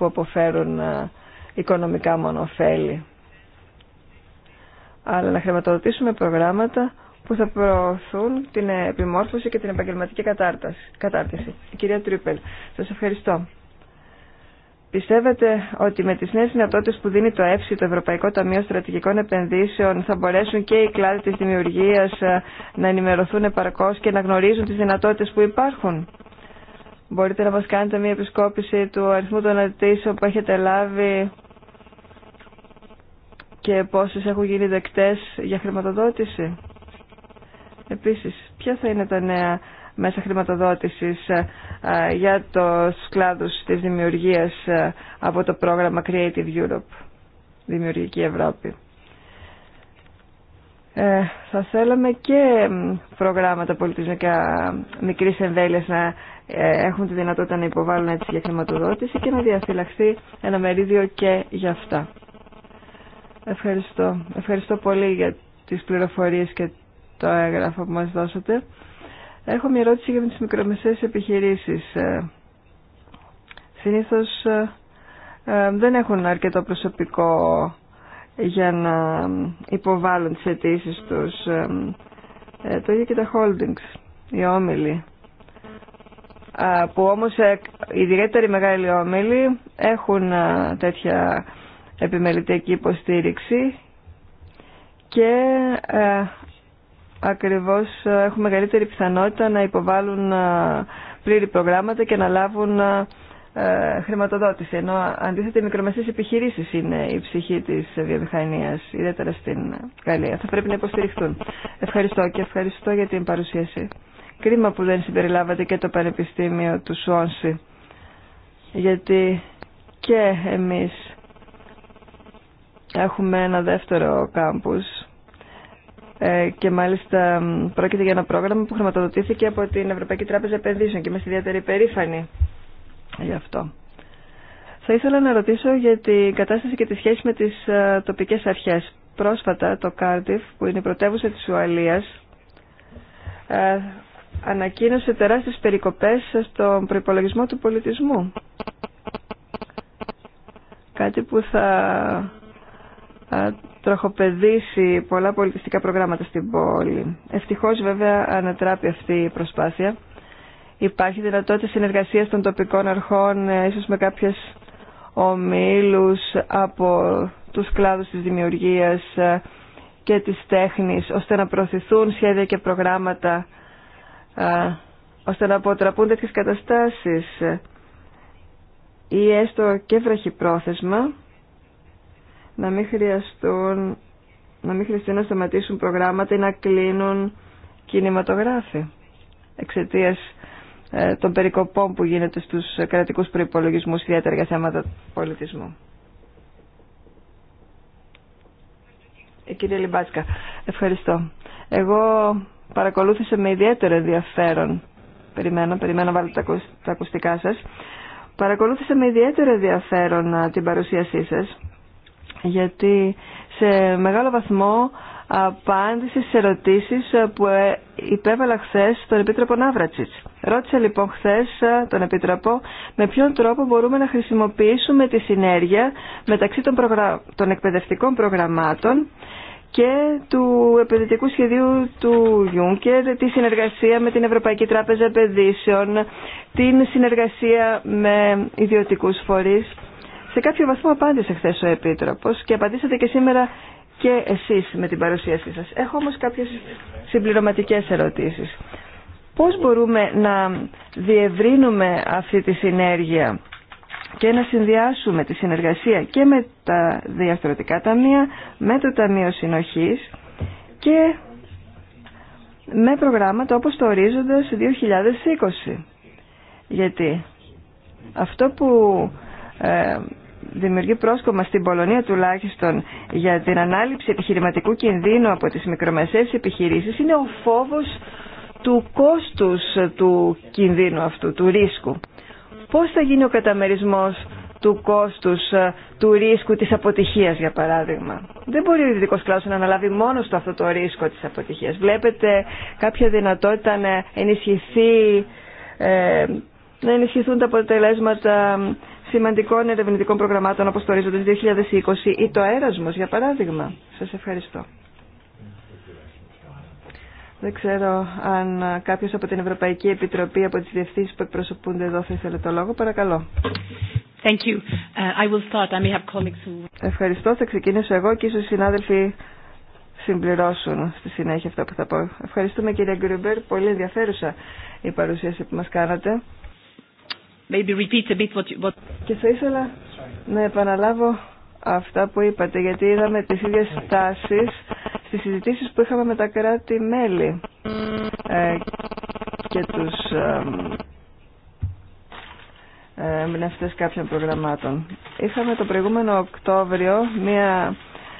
που αποφέρουν ε, οικονομικά μονοφέλη. Αλλά να χρηματοδοτήσουμε προγράμματα που θα προωθούν την επιμόρφωση και την επαγγελματική κατάρτιση. κυρία Τρίπελ, σας ευχαριστώ. Πιστεύετε ότι με τις νέες δυνατότητες που δίνει το ΕΦΣΙ, το Ευρωπαϊκό Ταμείο Στρατηγικών Επενδύσεων, θα μπορέσουν και οι κλάδοι της δημιουργίας ε, να ενημερωθούν επαρκώς και να γνωρίζουν τις δυνατότητες που υπάρχουν. Μπορείτε να μας κάνετε μια επισκόπηση του αριθμού των αιτήσεων που έχετε λάβει και πόσες έχουν γίνει δεκτές για χρηματοδότηση. Επίσης, ποια θα είναι τα νέα μέσα χρηματοδότησης ε, για το κλάδους της δημιουργίας ε, από το πρόγραμμα Creative Europe, Δημιουργική Ευρώπη. Ε, θα θέλαμε και προγράμματα πολιτισμικά μικρής εμβέλειας να ε, έχουν τη δυνατότητα να υποβάλουν έτσι για χρηματοδότηση και να διαφυλαχθεί ένα μερίδιο και για αυτά. Ευχαριστώ. Ευχαριστώ πολύ για τις πληροφορίες και το έγγραφο που μας δώσατε. Έχω μια ερώτηση για τις μικρομεσαίες επιχειρήσεις. Ε, συνήθως ε, δεν έχουν αρκετό προσωπικό για να υποβάλουν τις αιτήσει τους. Ε, ε, το ίδιο και τα holdings, οι όμιλοι. που όμως ε, ιδιαίτεροι μεγάλοι όμιλοι έχουν τέτοια επιμελητική υποστήριξη και ακριβώς έχουν μεγαλύτερη πιθανότητα να υποβάλουν πλήρη προγράμματα και να λάβουν ε, χρηματοδότηση, ενώ αντίθετα οι μικρομεσαίες επιχειρήσει είναι η ψυχή της βιομηχανίας, ιδιαίτερα στην Γαλλία. Θα πρέπει να υποστηριχθούν Ευχαριστώ και ευχαριστώ για την παρουσίαση. Κρίμα που δεν συμπεριλάβατε και το Πανεπιστήμιο του Σόνση, γιατί και εμείς έχουμε ένα δεύτερο κάμπους ε, και μάλιστα πρόκειται για ένα πρόγραμμα που χρηματοδοτήθηκε από την Ευρωπαϊκή Τράπεζα Επενδύσεων και είμαστε ιδιαίτερη περήφανοι γι' αυτό. Θα ήθελα να ρωτήσω για την κατάσταση και τη σχέση με τις ε, τοπικές αρχές. Πρόσφατα το Κάρντιφ, που είναι η πρωτεύουσα της Ουαλίας, ε, ανακοίνωσε τεράστιες περικοπές στον προϋπολογισμό του πολιτισμού. Κάτι που θα ε, τροχοπεδίσει πολλά πολιτιστικά προγράμματα στην πόλη. Ευτυχώς βέβαια ανατράπει αυτή η προσπάθεια Υπάρχει δυνατότητα συνεργασίας των τοπικών αρχών, ε, ίσως με κάποιες ομίλους από τους κλάδους της δημιουργίας ε, και της τέχνης, ώστε να προωθηθούν σχέδια και προγράμματα, ε, ώστε να αποτραπούν τέτοιες καταστάσεις ή έστω και βραχυπρόθεσμα, να μην χρειαστούν να μην χρειαστεί να σταματήσουν προγράμματα ή να κλείνουν κινηματογράφοι εξαιτίας ε, των περικοπών που γίνεται στους κρατικούς προϋπολογισμούς ιδιαίτερα για θέματα πολιτισμού. Ε, κύριε Λιμπάτσκα, ευχαριστώ. Εγώ παρακολούθησα με ιδιαίτερο ενδιαφέρον, περιμένω, περιμένω βάλετε τα ακουστικά σας, παρακολούθησα με ιδιαίτερο ενδιαφέρον την παρουσίασή σας, γιατί σε μεγάλο βαθμό απάντηση στι ερωτήσει ε, που ε, υπέβαλα χθε στον Επίτροπο Ναύρατσιτς. Ρώτησα λοιπόν χθε ε, τον Επίτροπο με ποιον τρόπο μπορούμε να χρησιμοποιήσουμε τη συνέργεια μεταξύ των, εκπαιδευτικών προγραμμάτων και του επενδυτικού σχεδίου του Juncker, τη συνεργασία με την Ευρωπαϊκή Τράπεζα Επενδύσεων, την συνεργασία με ιδιωτικούς φορείς. Σε κάποιο βαθμό απάντησε χθε ο Επίτροπος και απαντήσατε και σήμερα και εσείς με την παρουσίασή σας. Έχω όμως κάποιες συμπληρωματικές ερωτήσεις. Πώς μπορούμε να διευρύνουμε αυτή τη συνέργεια και να συνδυάσουμε τη συνεργασία και με τα διαστρωτικά ταμεία, με το Ταμείο Συνοχής και με προγράμματα όπως το ορίζοντας 2020. Γιατί αυτό που ε, δημιουργεί πρόσκομα στην Πολωνία τουλάχιστον για την ανάληψη επιχειρηματικού κινδύνου από τις μικρομεσαίες επιχειρήσεις είναι ο φόβος του κόστους του κινδύνου αυτού, του ρίσκου. Πώς θα γίνει ο καταμερισμός του κόστους, ε, του ρίσκου της αποτυχίας για παράδειγμα. Δεν μπορεί ο ειδικό κλάδος να αναλάβει μόνο αυτό το ρίσκο της αποτυχίας. Βλέπετε κάποια δυνατότητα να ενισχυθεί, ε, να ενισχυθούν τα αποτελέσματα σημαντικών ερευνητικών προγραμμάτων όπως το Ρίζοντας 2020 ή το Έρασμος, για παράδειγμα. Σας ευχαριστώ. Δεν ξέρω αν κάποιος από την Ευρωπαϊκή Επιτροπή, από τις διευθύνσεις που εκπροσωπούνται εδώ θα ήθελε το λόγο. Παρακαλώ. Thank you. Uh, I will start. I may have colleagues who... Ευχαριστώ. Θα ξεκινήσω εγώ και ίσως οι συνάδελφοι συμπληρώσουν στη συνέχεια αυτά που θα πω. Ευχαριστούμε κύριε Γκρουμπέρ. Πολύ ενδιαφέρουσα η παρουσίαση που μας κάνατε maybe repeat a bit what, what... Και θα ήθελα να επαναλάβω αυτά που είπατε, γιατί είδαμε τις ίδιες τάσεις στις συζητήσεις που είχαμε με τα κράτη-μέλη ε, και τους ε, κάποιων προγραμμάτων. Είχαμε το προηγούμενο Οκτώβριο μία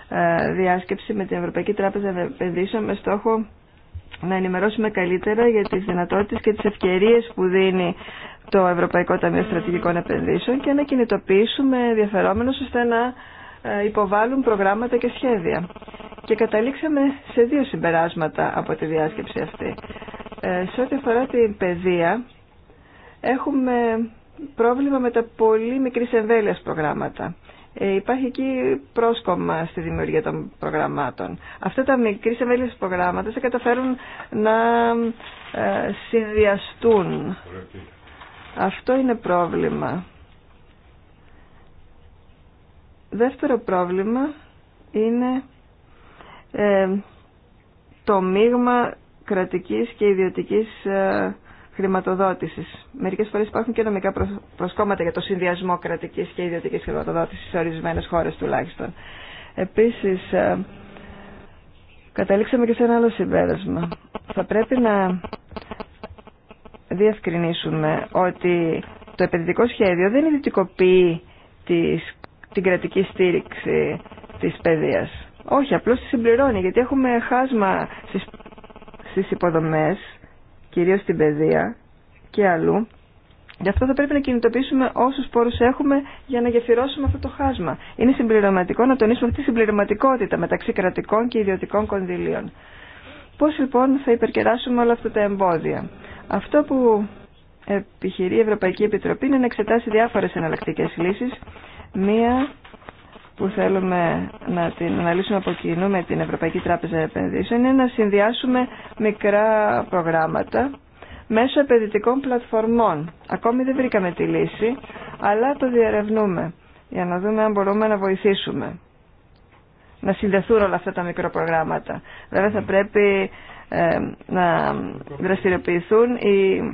ε, διάσκεψη με την Ευρωπαϊκή Τράπεζα Επενδύσεων με στόχο να ενημερώσουμε καλύτερα για τις δυνατότητες και τις ευκαιρίες που δίνει το Ευρωπαϊκό Ταμείο Στρατηγικών Επενδύσεων και να κινητοποιήσουμε ενδιαφερόμενους ώστε να ε, υποβάλουν προγράμματα και σχέδια. Και καταλήξαμε σε δύο συμπεράσματα από τη διάσκεψη αυτή. Ε, σε ό,τι αφορά την παιδεία, έχουμε πρόβλημα με τα πολύ μικρή εμβέλεια προγράμματα. Ε, υπάρχει εκεί πρόσκομα στη δημιουργία των προγραμμάτων. Αυτά τα μικρή εμβέλεια προγράμματα θα καταφέρουν να συνδυαστούν αυτό είναι πρόβλημα. Δεύτερο πρόβλημα είναι ε, το μείγμα κρατικής και ιδιωτικής ε, χρηματοδότησης. Μερικές φορές υπάρχουν και νομικά προσκόμματα για το συνδυασμό κρατικής και ιδιωτικής χρηματοδότησης σε ορισμένες χώρες τουλάχιστον. Επίσης, ε, καταλήξαμε και σε ένα άλλο συμπέρασμα. Θα πρέπει να διευκρινίσουμε ότι το επενδυτικό σχέδιο δεν ιδιωτικοποιεί την κρατική στήριξη της παιδείας. Όχι, απλώς τη συμπληρώνει, γιατί έχουμε χάσμα στις, στις υποδομές, κυρίως στην παιδεία και αλλού. Γι' αυτό θα πρέπει να κινητοποιήσουμε όσους πόρους έχουμε για να γεφυρώσουμε αυτό το χάσμα. Είναι συμπληρωματικό να τονίσουμε αυτή τη συμπληρωματικότητα μεταξύ κρατικών και ιδιωτικών κονδυλίων. Πώς λοιπόν θα υπερκεράσουμε όλα αυτά τα εμπόδια. Αυτό που επιχειρεί η Ευρωπαϊκή Επιτροπή είναι να εξετάσει διάφορες εναλλακτικέ λύσεις. Μία που θέλουμε να την αναλύσουμε από κοινού με την Ευρωπαϊκή Τράπεζα Επενδύσεων είναι να συνδυάσουμε μικρά προγράμματα μέσω επενδυτικών πλατφορμών. Ακόμη δεν βρήκαμε τη λύση, αλλά το διερευνούμε για να δούμε αν μπορούμε να βοηθήσουμε να συνδεθούν όλα αυτά τα μικροπρογράμματα. Βέβαια θα πρέπει ε, να δραστηριοποιηθούν οι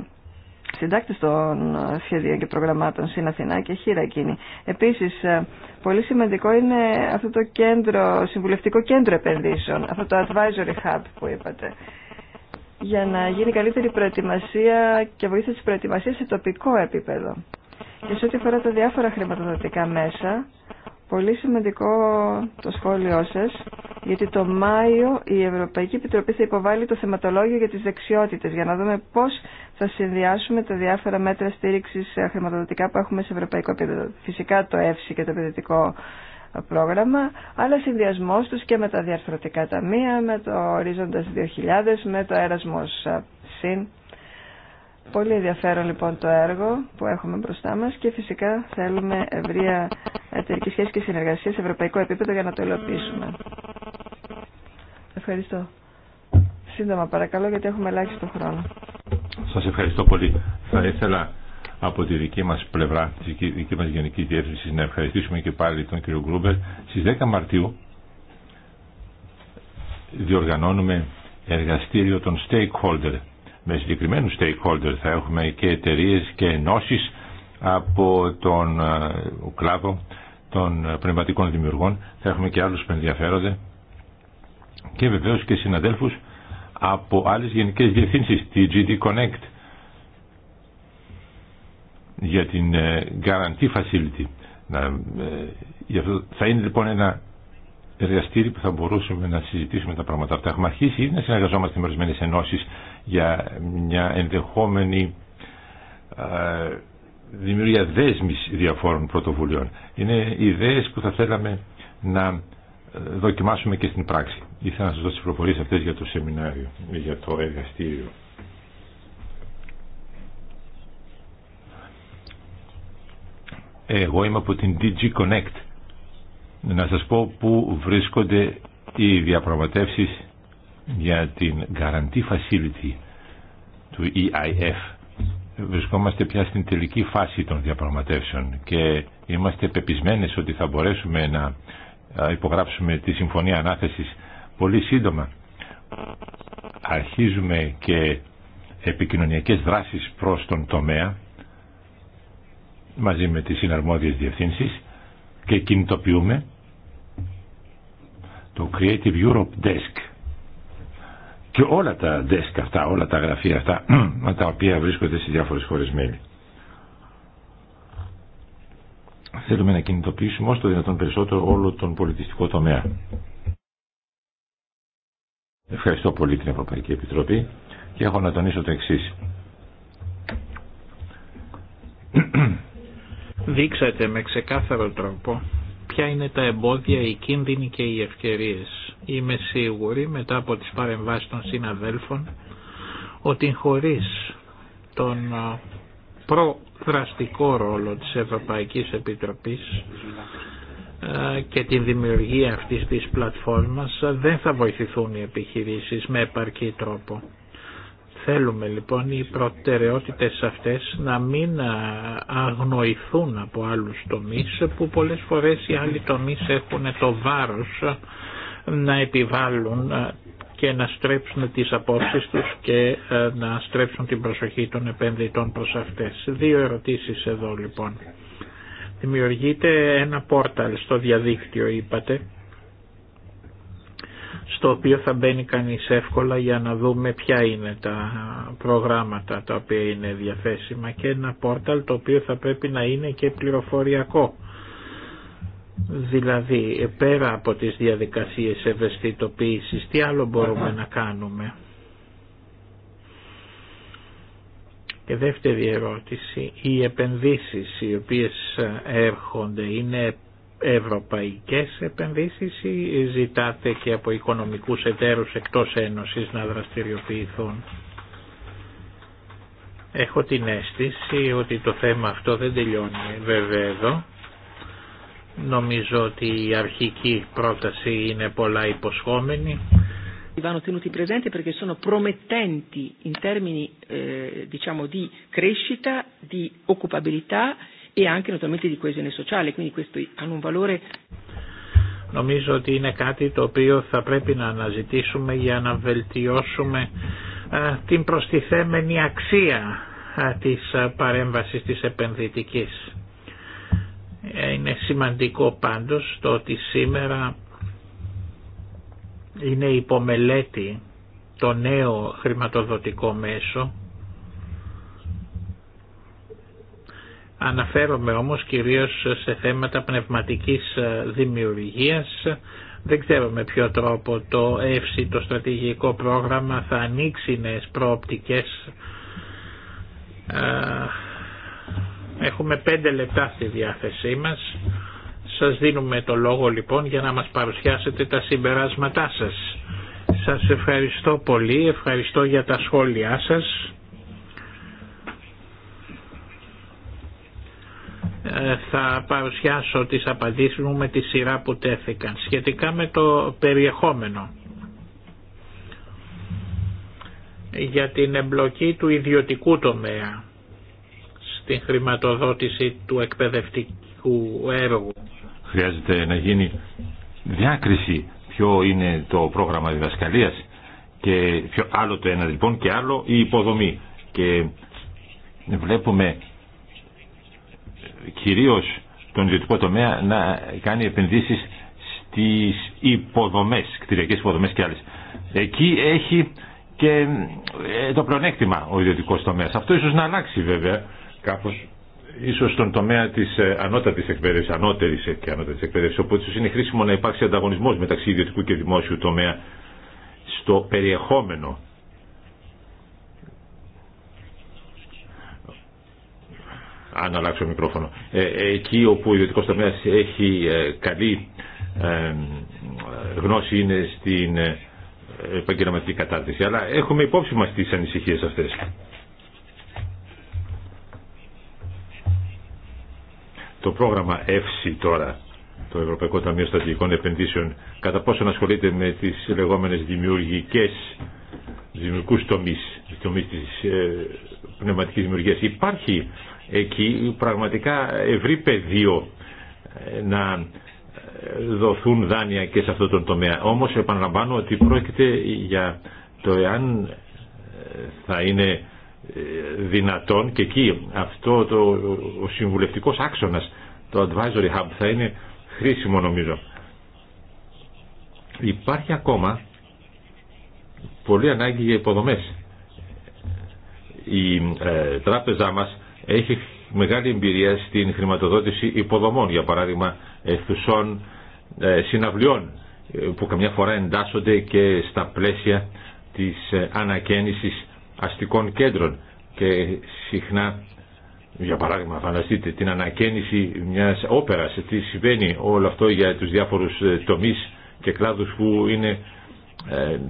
συντάκτες των σχεδίων και προγραμμάτων στην Αθηνά και χείρα εκείνη. Επίσης, ε, πολύ σημαντικό είναι αυτό το κέντρο, συμβουλευτικό κέντρο επενδύσεων, αυτό το advisory hub που είπατε για να γίνει καλύτερη προετοιμασία και βοήθεια της προετοιμασίας σε τοπικό επίπεδο. Και σε ό,τι αφορά τα διάφορα χρηματοδοτικά μέσα, Πολύ σημαντικό το σχόλιο σας, γιατί το Μάιο η Ευρωπαϊκή Επιτροπή θα υποβάλει το θεματολόγιο για τις δεξιότητες, για να δούμε πώς θα συνδυάσουμε τα διάφορα μέτρα στήριξης ε, χρηματοδοτικά που έχουμε σε ευρωπαϊκό επίπεδο. Φυσικά το ΕΦΣΙ και το επιδετικό ε, πρόγραμμα, αλλά συνδυασμό τους και με τα διαρθρωτικά ταμεία, με το Ορίζοντα 2000, με το έρασμο ε, συν Πολύ ενδιαφέρον λοιπόν το έργο που έχουμε μπροστά μας και φυσικά θέλουμε ευρεία εταιρική σχέση και συνεργασία σε ευρωπαϊκό επίπεδο για να το υλοποιήσουμε. Ευχαριστώ. Σύντομα παρακαλώ γιατί έχουμε ελάχιστο χρόνο. Σας ευχαριστώ πολύ. Θα ήθελα από τη δική μας πλευρά, τη δική μας Γενική Διεύθυνση να ευχαριστήσουμε και πάλι τον κύριο Γκρούμπερ. Στις 10 Μαρτίου διοργανώνουμε εργαστήριο των stakeholder με συγκεκριμένους stakeholders. Θα έχουμε και εταιρείε και ενώσεις από τον ε, κλάδο των πνευματικών δημιουργών. Θα έχουμε και άλλους που ενδιαφέρονται και βεβαίως και συναδέλφους από άλλες γενικές διευθύνσεις, τη GD Connect για την ε, Guarantee Facility. Ε, θα είναι λοιπόν ένα εργαστήρι που θα μπορούσαμε να συζητήσουμε τα πράγματα αυτά. Έχουμε αρχίσει ήδη να συνεργαζόμαστε με ορισμένε ενώσει για μια ενδεχόμενη δημιουργία δέσμης διαφόρων πρωτοβουλειών. Είναι ιδέες που θα θέλαμε να δοκιμάσουμε και στην πράξη. Ήθελα να σας δώσω τις προφορίες αυτές για το σεμινάριο, για το εργαστήριο. Εγώ είμαι από την DG Connect να σας πω πού βρίσκονται οι διαπραγματεύσεις για την Guarantee Facility του EIF. Βρισκόμαστε πια στην τελική φάση των διαπραγματεύσεων και είμαστε πεπισμένες ότι θα μπορέσουμε να υπογράψουμε τη Συμφωνία Ανάθεσης πολύ σύντομα. Αρχίζουμε και επικοινωνιακές δράσεις προς τον τομέα μαζί με τις συναρμόδιες διευθύνσεις και κινητοποιούμε το Creative Europe Desk και όλα τα desk αυτά, όλα τα γραφεία αυτά [CLEARS THROAT] τα οποία βρίσκονται σε διάφορες χώρες μέλη. Θέλουμε να κινητοποιήσουμε όσο το δυνατόν περισσότερο όλο τον πολιτιστικό τομέα. Ευχαριστώ πολύ την Ευρωπαϊκή Επιτροπή και έχω να τονίσω το εξής. [CLEARS THROAT] Δείξατε με ξεκάθαρο τρόπο ποια είναι τα εμπόδια, οι κίνδυνοι και οι ευκαιρίες. Είμαι σίγουρη μετά από τις παρεμβάσεις των συναδέλφων ότι χωρίς τον προδραστικό ρόλο της Ευρωπαϊκής Επιτροπής και την δημιουργία αυτής της πλατφόρμας δεν θα βοηθηθούν οι επιχειρήσεις με επαρκή τρόπο. Θέλουμε λοιπόν οι προτεραιότητες αυτές να μην αγνοηθούν από άλλους τομείς που πολλές φορές οι άλλοι τομείς έχουν το βάρος να επιβάλλουν και να στρέψουν τις απόψεις τους και να στρέψουν την προσοχή των επενδυτών προς αυτές. Δύο ερωτήσεις εδώ λοιπόν. Δημιουργείται ένα πόρταλ στο διαδίκτυο είπατε στο οποίο θα μπαίνει κανείς εύκολα για να δούμε ποια είναι τα προγράμματα τα οποία είναι διαθέσιμα και ένα πόρταλ το οποίο θα πρέπει να είναι και πληροφοριακό. Δηλαδή, πέρα από τις διαδικασίες ευαισθητοποίησης, τι άλλο μπορούμε να κάνουμε. Και δεύτερη ερώτηση, οι επενδύσεις οι οποίες έρχονται είναι ευρωπαϊκές επενδύσεις ή ζητάτε και από οικονομικούς εταίρους εκτός Ένωσης να δραστηριοποιηθούν. Έχω την αίσθηση ότι το θέμα αυτό δεν τελειώνει ε, βέβαια εδώ. Νομίζω ότι η αρχική πρόταση είναι πολλά υποσχόμενη. Vanno tenuti presenti perché sono promettenti in termini eh, diciamo, di crescita, di occupabilità e anche naturalmente di coesione sociale, quindi questi hanno un Νομίζω ότι είναι κάτι το οποίο θα πρέπει να αναζητήσουμε για να βελτιώσουμε ε, την προστιθέμενη αξία ε, της ε, παρέμβασης της επενδυτικής. Είναι σημαντικό πάντως το ότι σήμερα είναι υπομελέτη το νέο χρηματοδοτικό μέσο Αναφέρομαι όμως κυρίως σε θέματα πνευματικής ε, δημιουργίας. Δεν ξέρω με ποιο τρόπο το ΕΦΣΙ, το στρατηγικό πρόγραμμα, θα ανοίξει νέες προοπτικές. Ε, έχουμε πέντε λεπτά στη διάθεσή μας. Σας δίνουμε το λόγο λοιπόν για να μας παρουσιάσετε τα συμπεράσματά σας. Σας ευχαριστώ πολύ, ευχαριστώ για τα σχόλιά σας. Ε, θα παρουσιάσω τις απαντήσεις μου με τη σειρά που τέθηκαν σχετικά με το περιεχόμενο για την εμπλοκή του ιδιωτικού τομέα στην χρηματοδότηση του εκπαιδευτικού έργου. Χρειάζεται να γίνει διάκριση ποιο είναι το πρόγραμμα διδασκαλίας και ποιο άλλο το ένα λοιπόν και άλλο η υποδομή και βλέπουμε κυρίως στον ιδιωτικό τομέα να κάνει επενδύσεις στις υποδομές, κτηριακές υποδομές και άλλες. Εκεί έχει και ε, το πλεονέκτημα ο ιδιωτικό τομέας. Αυτό ίσως να αλλάξει βέβαια κάπως ίσως στον τομέα της ε, ανώτατης εκπαίδευσης, ανώτερης και ανώτατης εκπαίδευσης, οπότε ίσως είναι χρήσιμο να υπάρξει ανταγωνισμός μεταξύ ιδιωτικού και δημόσιου τομέα στο περιεχόμενο αν αλλάξω μικρόφωνο, ε, εκεί όπου ο ιδιωτικός τομέας έχει ε, καλή ε, γνώση είναι στην επαγγελματική κατάρτιση. Αλλά έχουμε υπόψη μας τις ανησυχίες αυτές. Το πρόγραμμα ΕΦΣΙ τώρα, το Ευρωπαϊκό Ταμείο Στατικών Επενδύσεων, κατά πόσο ασχολείται με τις λεγόμενες δημιουργικές δημιουργικούς τομείς, τομείς της πνευματικής δημιουργίας. Υπάρχει εκεί πραγματικά ευρύ πεδίο ε, να ε, δοθούν δάνεια και σε αυτό τον τομέα. Όμως επαναλαμβάνω ότι πρόκειται για το εάν ε, θα είναι δυνατόν και εκεί αυτό το, ο συμβουλευτικός άξονας το advisory hub θα είναι χρήσιμο νομίζω. Υπάρχει ακόμα πολύ ανάγκη για υποδομές. Η τράπεζά μας έχει μεγάλη εμπειρία στην χρηματοδότηση υποδομών, για παράδειγμα αιθουσών ε, συναυλιών ε, που καμιά φορά εντάσσονται και στα πλαίσια της ε, ανακαίνησης αστικών κέντρων και συχνά για παράδειγμα φανταστείτε την ανακαίνιση μιας όπερας τι συμβαίνει όλο αυτό για τους διάφορους τομείς και κλάδους που είναι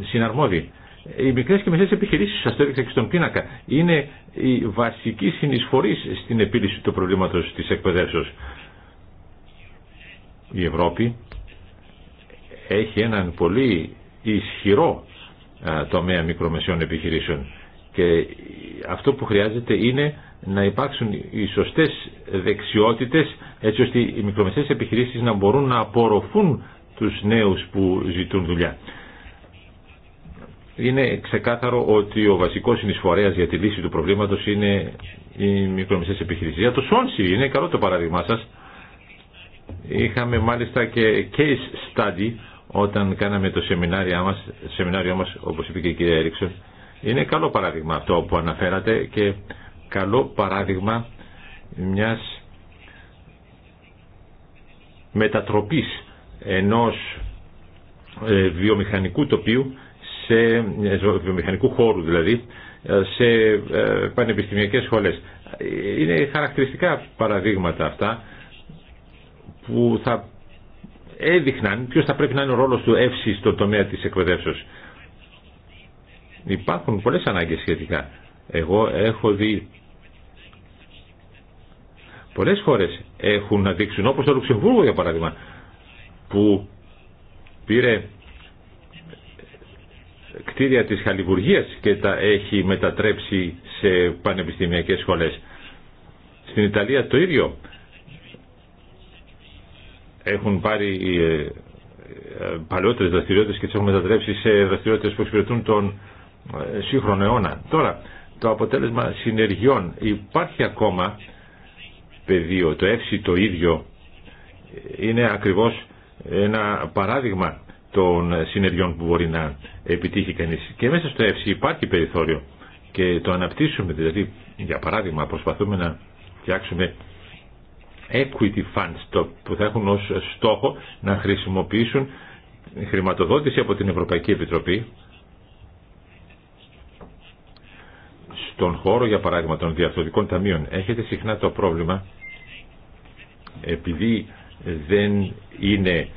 συναρμόδιοι οι μικρές και μεσαίες επιχειρήσεις, σας το έδειξα και στον πίνακα, είναι η βασική συνεισφορή στην επίλυση του προβλήματος της εκπαιδεύσεως. Η Ευρώπη έχει έναν πολύ ισχυρό τομέα μικρομεσαίων επιχειρήσεων και αυτό που χρειάζεται είναι να υπάρξουν οι σωστές δεξιότητες έτσι ώστε οι μικρομεσαίες επιχειρήσεις να μπορούν να απορροφούν τους νέους που ζητούν δουλειά είναι ξεκάθαρο ότι ο βασικό συνεισφορέα για τη λύση του προβλήματο είναι οι μικρομεσαίε επιχειρήσει. Για το Σόνσι είναι καλό το παράδειγμά σα. Είχαμε μάλιστα και case study όταν κάναμε το σεμινάριό μας, σεμινάριό μας όπως είπε και η κυρία Έριξον. Είναι καλό παράδειγμα αυτό που αναφέρατε και καλό παράδειγμα μιας μετατροπής ενός ε, βιομηχανικού τοπίου σε ε, βιομηχανικού χώρου δηλαδή, ε, σε ε, πανεπιστημιακές σχολές. Είναι χαρακτηριστικά παραδείγματα αυτά που θα έδειχναν ποιος θα πρέπει να είναι ο ρόλος του Εύση στον τομέα της εκπαιδεύσεως. Υπάρχουν πολλές ανάγκες σχετικά. Εγώ έχω δει πολλές χώρες έχουν να δείξουν όπως το Λουξεμβούργο για παράδειγμα που πήρε κτίρια της Χαλιβουργίας και τα έχει μετατρέψει σε πανεπιστημιακές σχολές. Στην Ιταλία το ίδιο. Έχουν πάρει ε, ε, παλαιότερες δραστηριότητες και τις έχουν μετατρέψει σε δραστηριότητες που εξυπηρετούν τον ε, σύγχρονο αιώνα. Τώρα, το αποτέλεσμα συνεργειών υπάρχει ακόμα πεδίο. Το εύση το ίδιο είναι ακριβώς ένα παράδειγμα των συνεργειών που μπορεί να επιτύχει κανείς. Και μέσα στο ΕΦΣΥ υπάρχει περιθώριο και το αναπτύσσουμε, δηλαδή για παράδειγμα προσπαθούμε να φτιάξουμε equity funds που θα έχουν ως στόχο να χρησιμοποιήσουν χρηματοδότηση από την Ευρωπαϊκή Επιτροπή στον χώρο για παράδειγμα των διαφθορτικών ταμείων. Έχετε συχνά το πρόβλημα επειδή δεν είναι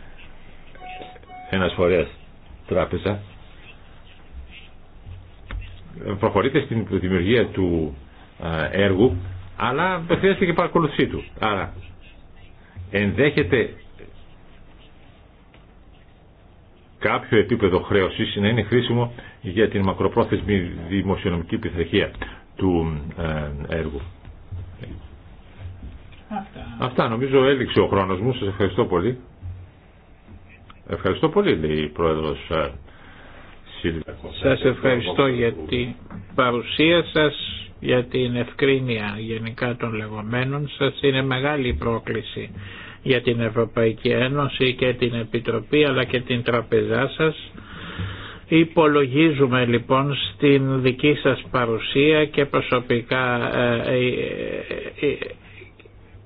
ένας φορέας τράπεζα προχωρείται στην δημιουργία του έργου αλλά χρειάζεται και παρακολουθή του. Άρα ενδέχεται κάποιο επίπεδο χρέωσης να είναι χρήσιμο για την μακροπρόθεσμη δημοσιονομική πειθαρχία του έργου. Αυτά. Αυτά νομίζω έληξε ο χρόνος μου. Σας ευχαριστώ πολύ. Ευχαριστώ πολύ, λέει η πρόεδρο ε, Σίλβα. Σας ευχαριστώ για την παρουσία σα, για την ευκρίνεια γενικά των λεγόμενων σας. Είναι μεγάλη πρόκληση για την Ευρωπαϊκή Ένωση και την Επιτροπή αλλά και την τραπεζά σας. Υπολογίζουμε λοιπόν στην δική σας παρουσία και προσωπικά ε, ε,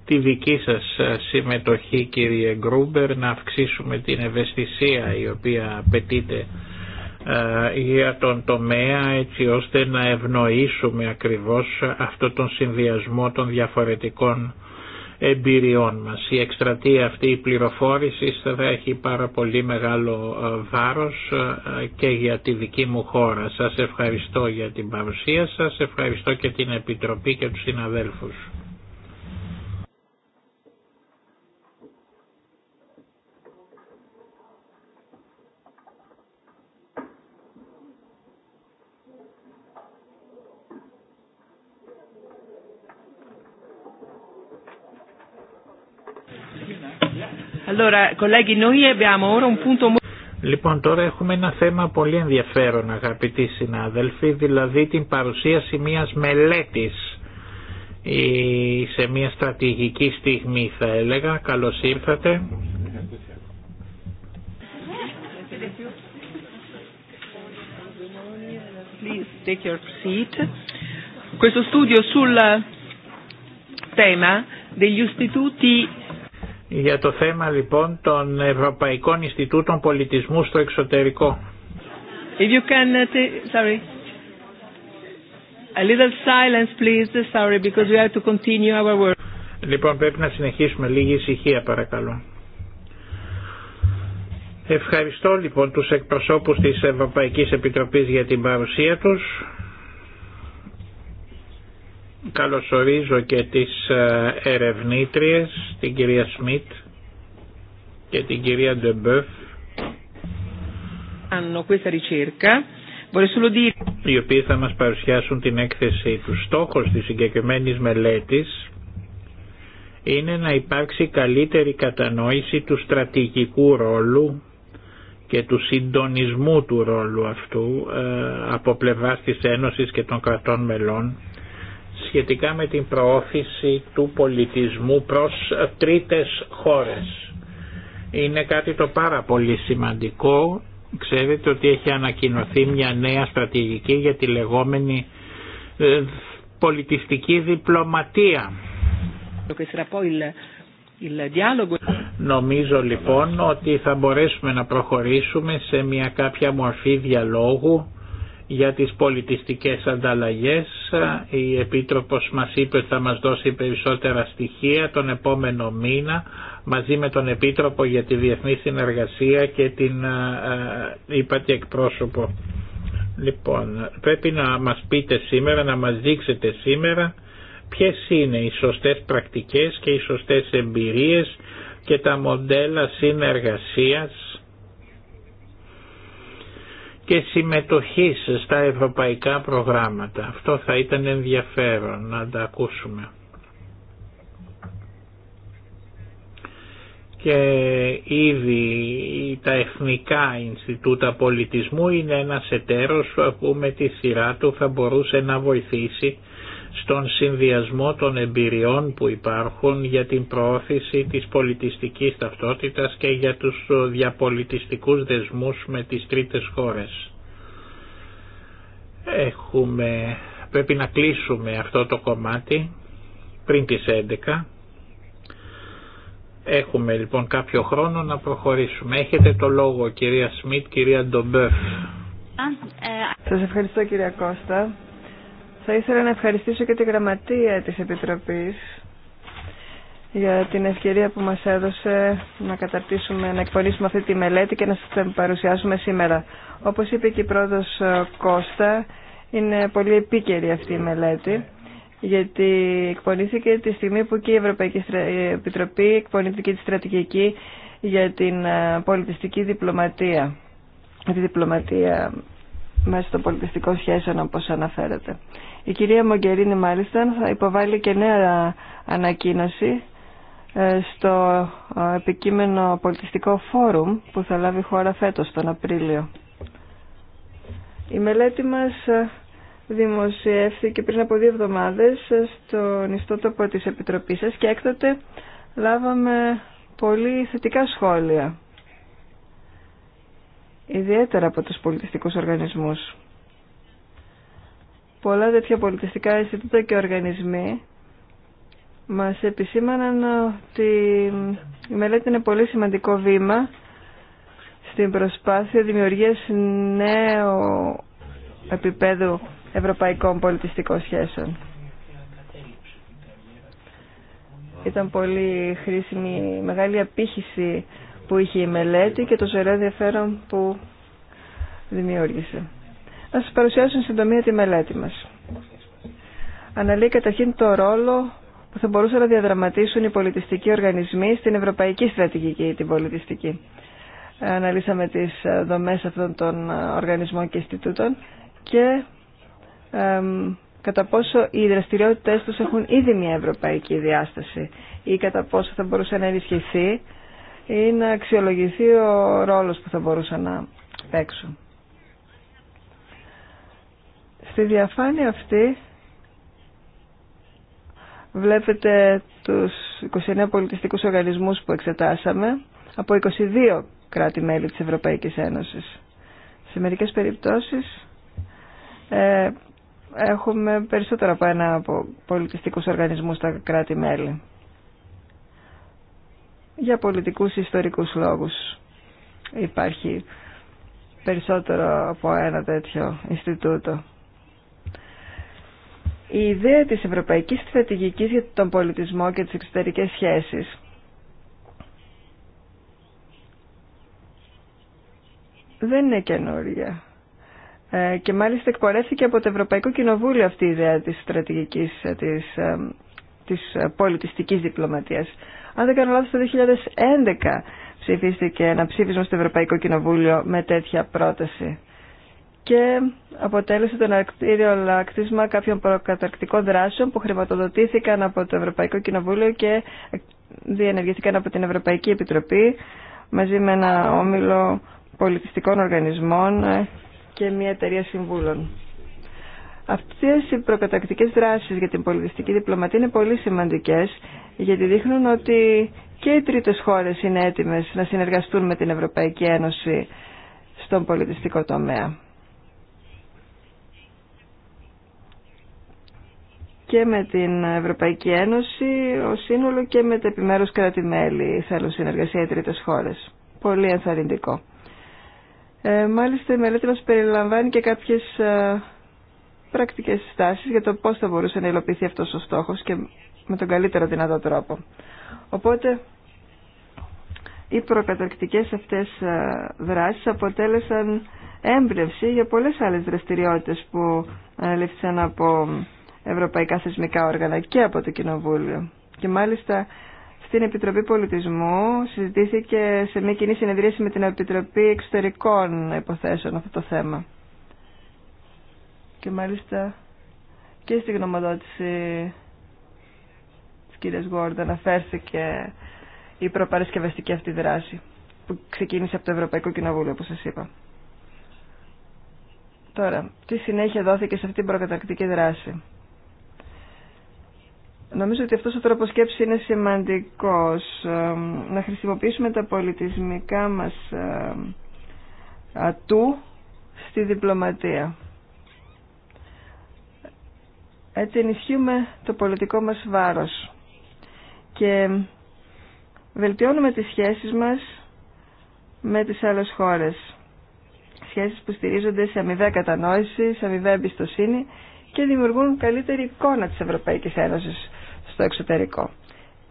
τη δική σας ε, συμμετοχή κύριε Γκρούμπερ να αυξήσουμε την ευαισθησία η οποία απαιτείται ε, για τον τομέα έτσι ώστε να ευνοήσουμε ακριβώς αυτό τον συνδυασμό των διαφορετικών εμπειριών μας. Η εκστρατεία αυτή η πληροφόρηση θα έχει πάρα πολύ μεγάλο ε, βάρος και για τη δική μου χώρα. Σας ευχαριστώ για την παρουσία σας, ευχαριστώ και την Επιτροπή και τους συναδέλφους. Λοιπόν, τώρα έχουμε ένα θέμα πολύ ενδιαφέρον αγαπητοί συνάδελφοι, δηλαδή την παρουσίαση μιας μελέτης σε μια στρατηγική στιγμή θα έλεγα. Καλώς ήρθατε. take your για το θέμα λοιπόν των Ευρωπαϊκών Ινστιτούτων Πολιτισμού στο εξωτερικό. If you can, uh, sorry. A little silence, please. Sorry, because we have to continue our work. Λοιπόν, πρέπει να συνεχίσουμε λίγη ησυχία, παρακαλώ. Ευχαριστώ λοιπόν τους εκπροσώπους της Ευρωπαϊκής Επιτροπής για την παρουσία τους. Καλωσορίζω και τις ε, ερευνήτριες, την κυρία Σμιτ και την κυρία Ντεμπεφ. Οι οποίοι θα μας παρουσιάσουν την έκθεσή του. στόχο της συγκεκριμένης μελέτης είναι να υπάρξει καλύτερη κατανόηση του στρατηγικού ρόλου και του συντονισμού του ρόλου αυτού ε, από πλευράς της Ένωση και των κρατών μελών σχετικά με την προώθηση του πολιτισμού προς τρίτες χώρες. Είναι κάτι το πάρα πολύ σημαντικό. Ξέρετε ότι έχει ανακοινωθεί μια νέα στρατηγική για τη λεγόμενη ε, πολιτιστική διπλωματία. Νομίζω λοιπόν ότι θα μπορέσουμε να προχωρήσουμε σε μια κάποια μορφή διαλόγου για τις πολιτιστικές ανταλλαγές. Η Επίτροπος μας είπε ότι θα μας δώσει περισσότερα στοιχεία τον επόμενο μήνα μαζί με τον Επίτροπο για τη Διεθνή Συνεργασία και την ε, ε, είπατε εκπρόσωπο. Λοιπόν, πρέπει να μας πείτε σήμερα, να μας δείξετε σήμερα ποιες είναι οι σωστές πρακτικές και οι σωστές εμπειρίες και τα μοντέλα συνεργασίας και συμμετοχής στα ευρωπαϊκά προγράμματα. Αυτό θα ήταν ενδιαφέρον να τα ακούσουμε. Και ήδη τα Εθνικά Ινστιτούτα Πολιτισμού είναι ένας εταίρος που με τη σειρά του θα μπορούσε να βοηθήσει στον συνδυασμό των εμπειριών που υπάρχουν για την προώθηση της πολιτιστικής ταυτότητας και για τους διαπολιτιστικούς δεσμούς με τις τρίτες χώρες. Έχουμε, πρέπει να κλείσουμε αυτό το κομμάτι πριν τις 11. Έχουμε λοιπόν κάποιο χρόνο να προχωρήσουμε. Έχετε το λόγο κυρία Σμιτ, κυρία Ντομπέφ. Σας ευχαριστώ κυρία Κώστα. Θα ήθελα να ευχαριστήσω και τη γραμματεία της Επιτροπής για την ευκαιρία που μας έδωσε να καταρτήσουμε, να εκπονήσουμε αυτή τη μελέτη και να σας την παρουσιάσουμε σήμερα. Όπως είπε και η πρόεδρος ε, Κώστα, είναι πολύ επίκαιρη αυτή η μελέτη γιατί εκπονήθηκε τη στιγμή που και η Ευρωπαϊκή Επιτροπή εκπονήθηκε τη στρατηγική για την ε, πολιτιστική διπλωματία, τη διπλωματία μέσα των πολιτιστικών σχέσεων όπως αναφέρεται. Η κυρία Μογκερίνη μάλιστα θα υποβάλει και νέα ανακοίνωση ε, στο ε, επικείμενο πολιτιστικό φόρουμ που θα λάβει χώρα φέτος τον Απρίλιο. Η μελέτη μας ε, δημοσιεύθηκε πριν από δύο εβδομάδες στον ιστότοπο της Επιτροπής σας και έκτοτε λάβαμε πολύ θετικά σχόλια, ιδιαίτερα από τους πολιτιστικούς οργανισμούς πολλά τέτοια πολιτιστικά αισθητήτα και οργανισμοί μας επισήμαναν ότι η μελέτη είναι πολύ σημαντικό βήμα στην προσπάθεια δημιουργίας νέου επίπεδου ευρωπαϊκών πολιτιστικών σχέσεων. Ήταν πολύ χρήσιμη η μεγάλη απήχηση που είχε η μελέτη και το ζωηρό ενδιαφέρον που δημιούργησε. Να σας παρουσιάσω συντομία τη μελέτη μας. Αναλύει καταρχήν το ρόλο που θα μπορούσαν να διαδραματίσουν οι πολιτιστικοί οργανισμοί στην ευρωπαϊκή στρατηγική ή την πολιτιστική. Αναλύσαμε τις ε, δομές αυτών των ε, οργανισμών και αισθητούτων και κατά πόσο οι δραστηριότητες τους έχουν ήδη μια ευρωπαϊκή διάσταση ή κατά πόσο θα μπορούσε να ενισχυθεί ή να αξιολογηθεί ο ρόλος που θα μπορούσαν να παίξουν. Στη διαφάνεια αυτή βλέπετε τους 29 πολιτιστικούς οργανισμούς που εξετάσαμε από 22 κράτη-μέλη της Ευρωπαϊκής Ένωσης. Σε μερικές περιπτώσεις ε, έχουμε περισσότερα από ένα από πολιτιστικούς οργανισμούς στα κράτη-μέλη για πολιτικούς ιστορικούς λόγους υπάρχει περισσότερο από ένα τέτοιο Ινστιτούτο η ιδέα της Ευρωπαϊκής Στρατηγικής για τον πολιτισμό και τις εξωτερικές σχέσεις δεν είναι καινούρια. Ε, και μάλιστα εκπορέθηκε από το Ευρωπαϊκό Κοινοβούλιο αυτή η ιδέα της στρατηγικής ε, της, ε, της πολιτιστικής διπλωματίας. Αν δεν κάνω λάθος, το 2011 ψηφίστηκε ένα ψήφισμα στο Ευρωπαϊκό Κοινοβούλιο με τέτοια πρόταση και αποτέλεσε τον εναρκτήριο λακτίσμα κάποιων προκαταρκτικών δράσεων που χρηματοδοτήθηκαν από το Ευρωπαϊκό Κοινοβούλιο και διενεργήθηκαν από την Ευρωπαϊκή Επιτροπή μαζί με ένα όμιλο πολιτιστικών οργανισμών και μια εταιρεία συμβούλων. Αυτές οι προκατακτικές δράσεις για την πολιτιστική διπλωματία είναι πολύ σημαντικές γιατί δείχνουν ότι και οι τρίτες χώρες είναι έτοιμες να συνεργαστούν με την Ευρωπαϊκή Ένωση στον πολιτιστικό τομέα. και με την Ευρωπαϊκή Ένωση ο σύνολο και με τα επιμέρους κράτη-μέλη θέλουν συνεργασία οι τρίτες χώρες. Πολύ ενθαρρυντικό. Ε, μάλιστα η μελέτη μας περιλαμβάνει και κάποιες ε, πρακτικές στάσεις για το πώς θα μπορούσε να υλοποιηθεί αυτός ο στόχος και με τον καλύτερο δυνατό τρόπο. Οπότε οι προκαταρκτικές αυτές ε, δράσεις αποτέλεσαν έμπνευση για πολλές άλλες δραστηριότητες που ε, λήφθησαν από ευρωπαϊκά θεσμικά όργανα και από το Κοινοβούλιο. Και μάλιστα στην Επιτροπή Πολιτισμού συζητήθηκε σε μια κοινή συνεδρίαση με την Επιτροπή Εξωτερικών Υποθέσεων αυτό το θέμα. Και μάλιστα και στη γνωμοδότηση της κυρίας Γουόρντ αναφέρθηκε η προπαρασκευαστική αυτή δράση που ξεκίνησε από το Ευρωπαϊκό Κοινοβούλιο όπως σας είπα. Τώρα, τι συνέχεια δόθηκε σε αυτή την προκατακτική δράση. Νομίζω ότι αυτός ο τρόπος σκέψης είναι σημαντικός. Ε, να χρησιμοποιήσουμε τα πολιτισμικά μας ε, ατού στη διπλωματία. Έτσι ενισχύουμε το πολιτικό μας βάρος και βελτιώνουμε τις σχέσεις μας με τις άλλες χώρες. Σχέσεις που στηρίζονται σε αμοιβαία κατανόηση, σε αμοιβαία εμπιστοσύνη και δημιουργούν καλύτερη εικόνα της Ευρωπαϊκής Ένωσης στο εξωτερικό.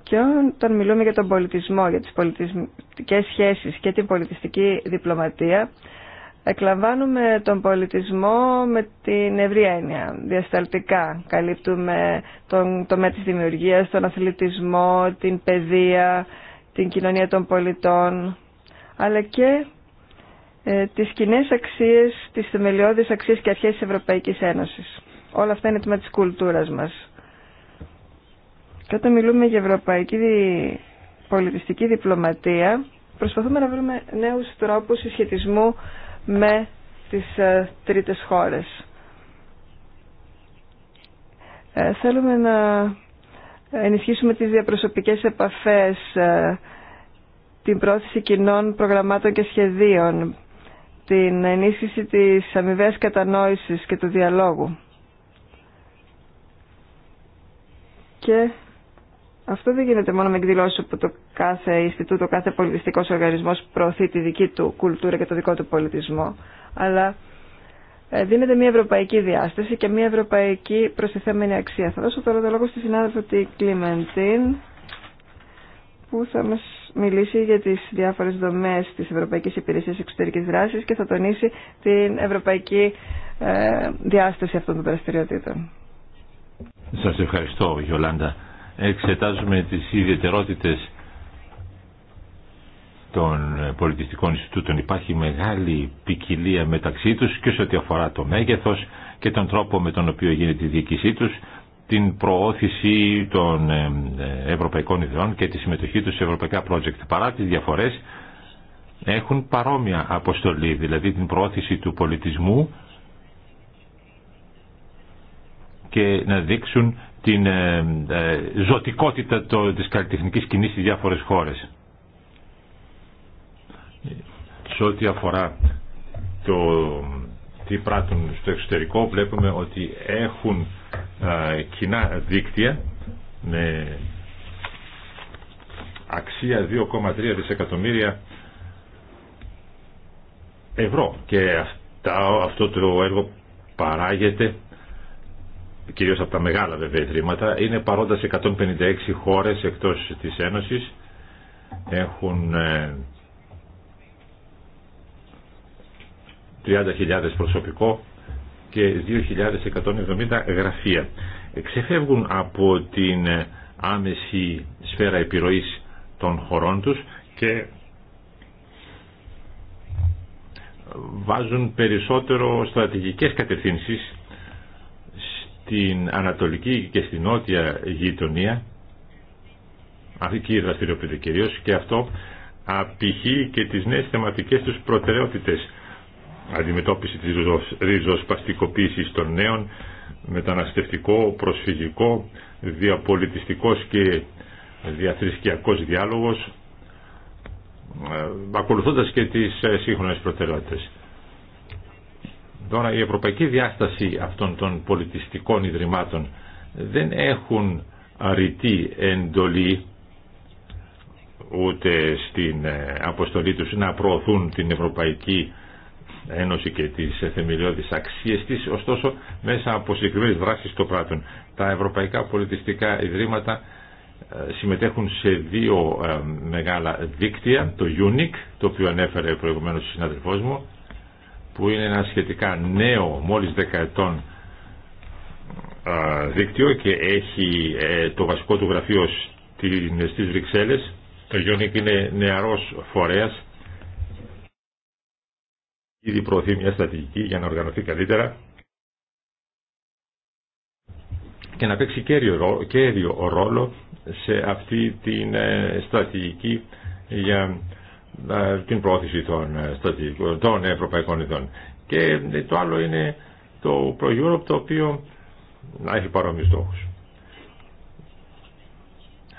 Και όταν μιλούμε για τον πολιτισμό, για τις πολιτιστικές σχέσεις και την πολιτιστική διπλωματία, εκλαμβάνουμε τον πολιτισμό με την ευρία έννοια, διασταλτικά. Καλύπτουμε τον τομέα της δημιουργίας, τον αθλητισμό, την παιδεία, την κοινωνία των πολιτών, αλλά και ε, τις κοινέ αξίες, τις θεμελιώδεις αξίες και αρχές της Ευρωπαϊκής Ένωσης. Όλα αυτά είναι τμήμα της κουλτούρας μας. Και όταν μιλούμε για ευρωπαϊκή πολιτιστική διπλωματία, προσπαθούμε να βρούμε νέους τρόπους συσχετισμού με τις ε, τρίτες χώρες. Ε, θέλουμε να ενισχύσουμε τις διαπροσωπικές επαφές, ε, την πρόθεση κοινών προγραμμάτων και σχεδίων, την ενίσχυση της αμοιβαίας κατανόησης και του διαλόγου. Και αυτό δεν γίνεται μόνο με εκδηλώσει όπου το κάθε Ινστιτούτο, κάθε πολιτιστικό οργανισμό προωθεί τη δική του κουλτούρα και το δικό του πολιτισμό, αλλά ε, δίνεται μια ευρωπαϊκή διάσταση και μια ευρωπαϊκή προστιθέμενη αξία. Θα δώσω τώρα το λόγο στη συνάδελφο τη Κλιμεντίν, που θα μα μιλήσει για τι διάφορε δομέ τη Ευρωπαϊκή Υπηρεσία Εξωτερική Δράση και θα τονίσει την ευρωπαϊκή ε, διάσταση αυτών των δραστηριοτήτων. Σα ευχαριστώ, Γιολάντα εξετάζουμε τις ιδιαιτερότητες των ε, πολιτιστικών Ινστιτούτων υπάρχει μεγάλη ποικιλία μεταξύ τους και σε ό,τι αφορά το μέγεθος και τον τρόπο με τον οποίο γίνεται η διοίκησή τους, την προώθηση των ε, ε, ευρωπαϊκών ιδεών και τη συμμετοχή τους σε ευρωπαϊκά project. Παρά τις διαφορές έχουν παρόμοια αποστολή, δηλαδή την προώθηση του πολιτισμού και να δείξουν την ε, ε, ζωτικότητα της καλλιτεχνικής κοινής στις διάφορες χώρες. Σε ό,τι αφορά το τι πράττουν στο εξωτερικό βλέπουμε ότι έχουν ε, κοινά δίκτυα με αξία 2,3 δισεκατομμύρια ευρώ και αυτό το έργο παράγεται κυρίως από τα μεγάλα βέβαια ιδρύματα, είναι παρόντα σε 156 χώρες εκτός της Ένωσης, έχουν 30.000 ε, προσωπικό και 2.170 γραφεία. Ε, ξεφεύγουν από την ε, άμεση σφαίρα επιρροής των χωρών τους και βάζουν περισσότερο στρατηγικές κατευθύνσεις την ανατολική και στην νότια γειτονία αυτή η δραστηριοποιείται κυρίω και αυτό απηχεί και τις νέες θεματικές τους προτεραιότητες αντιμετώπιση της ριζοσπαστικοποίησης των νέων μεταναστευτικό, προσφυγικό διαπολιτιστικός και διαθρησκιακός διάλογος ε, ακολουθώντας και τις ε, σύγχρονες προτεραιότητες Τώρα η ευρωπαϊκή διάσταση αυτών των πολιτιστικών ιδρυμάτων δεν έχουν αρητή εντολή ούτε στην ε, αποστολή τους να προωθούν την Ευρωπαϊκή Ένωση και τις ε, θεμελιώδεις αξίες της, ωστόσο μέσα από συγκεκριμένες δράσεις το πράττουν. Τα ευρωπαϊκά πολιτιστικά ιδρύματα ε, συμμετέχουν σε δύο μεγάλα δίκτυα, το UNIC, το οποίο ανέφερε προηγουμένως ο συναδελφός μου, που είναι ένα σχετικά νέο, μόλις δεκαετών δίκτυο και έχει ε, το βασικό του γραφείο στις Βρυξέλλες. Το Γιονίκ είναι νεαρός φορέας. Ήδη προωθεί μια στρατηγική για να οργανωθεί καλύτερα και να παίξει κέριο, κέριο ρόλο σε αυτή την ε, στρατηγική για την πρόθεση των, ε, των ευρωπαϊκών ειδών. Και ε, το άλλο είναι το προ το οποίο να έχει παρόμοιους στόχους.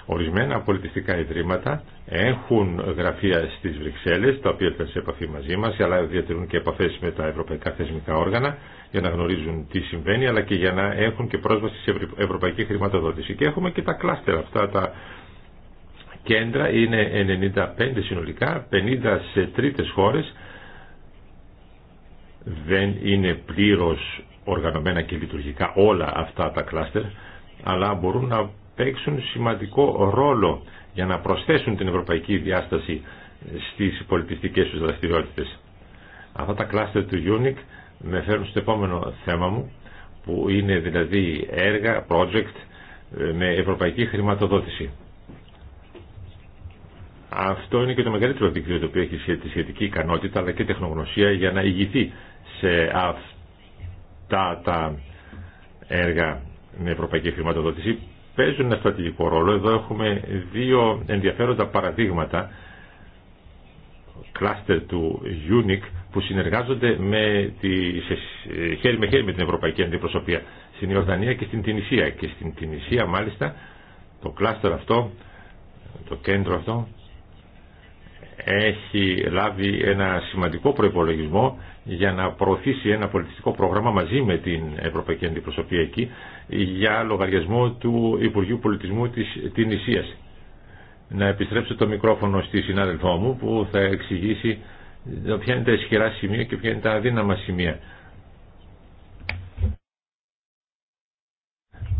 Ορισμένα πολιτιστικά ιδρύματα έχουν γραφεία στις Βρυξέλλες, τα οποία ήταν σε επαφή μαζί μας, αλλά διατηρούν και επαφές με τα ευρωπαϊκά θεσμικά όργανα για να γνωρίζουν τι συμβαίνει, αλλά και για να έχουν και πρόσβαση σε ευρωπαϊκή χρηματοδότηση. Και έχουμε και τα κλάστερα αυτά, τα κέντρα, είναι 95 συνολικά, 50 σε τρίτες χώρες, δεν είναι πλήρως οργανωμένα και λειτουργικά όλα αυτά τα κλάστερ, αλλά μπορούν να παίξουν σημαντικό ρόλο για να προσθέσουν την ευρωπαϊκή διάσταση στις πολιτιστικές τους δραστηριότητες. Αυτά τα κλάστερ του UNIC με φέρνουν στο επόμενο θέμα μου, που είναι δηλαδή έργα, project, ε, με ευρωπαϊκή χρηματοδότηση. Αυτό είναι και το μεγαλύτερο δίκτυο το οποίο έχει τη σχετική ικανότητα αλλά και τεχνογνωσία για να ηγηθεί σε αυτά τα έργα με ευρωπαϊκή χρηματοδότηση. Παίζουν ένα στρατηγικό ρόλο. Εδώ έχουμε δύο ενδιαφέροντα παραδείγματα κλάστερ του UNIC που συνεργάζονται με τη, σε, χέρι με χέρι με την Ευρωπαϊκή Αντιπροσωπεία στην Ιορδανία και στην Τινησία. Και στην Τινησία μάλιστα το κλάστερ αυτό, το κέντρο αυτό έχει λάβει ένα σημαντικό προϋπολογισμό για να προωθήσει ένα πολιτιστικό πρόγραμμα μαζί με την Ευρωπαϊκή Αντιπροσωπεία εκεί για λογαριασμό του Υπουργείου Πολιτισμού της Ισίας. Να επιστρέψω το μικρόφωνο στη συνάδελφό μου που θα εξηγήσει ποια είναι τα ισχυρά σημεία και ποια είναι τα αδύναμα σημεία.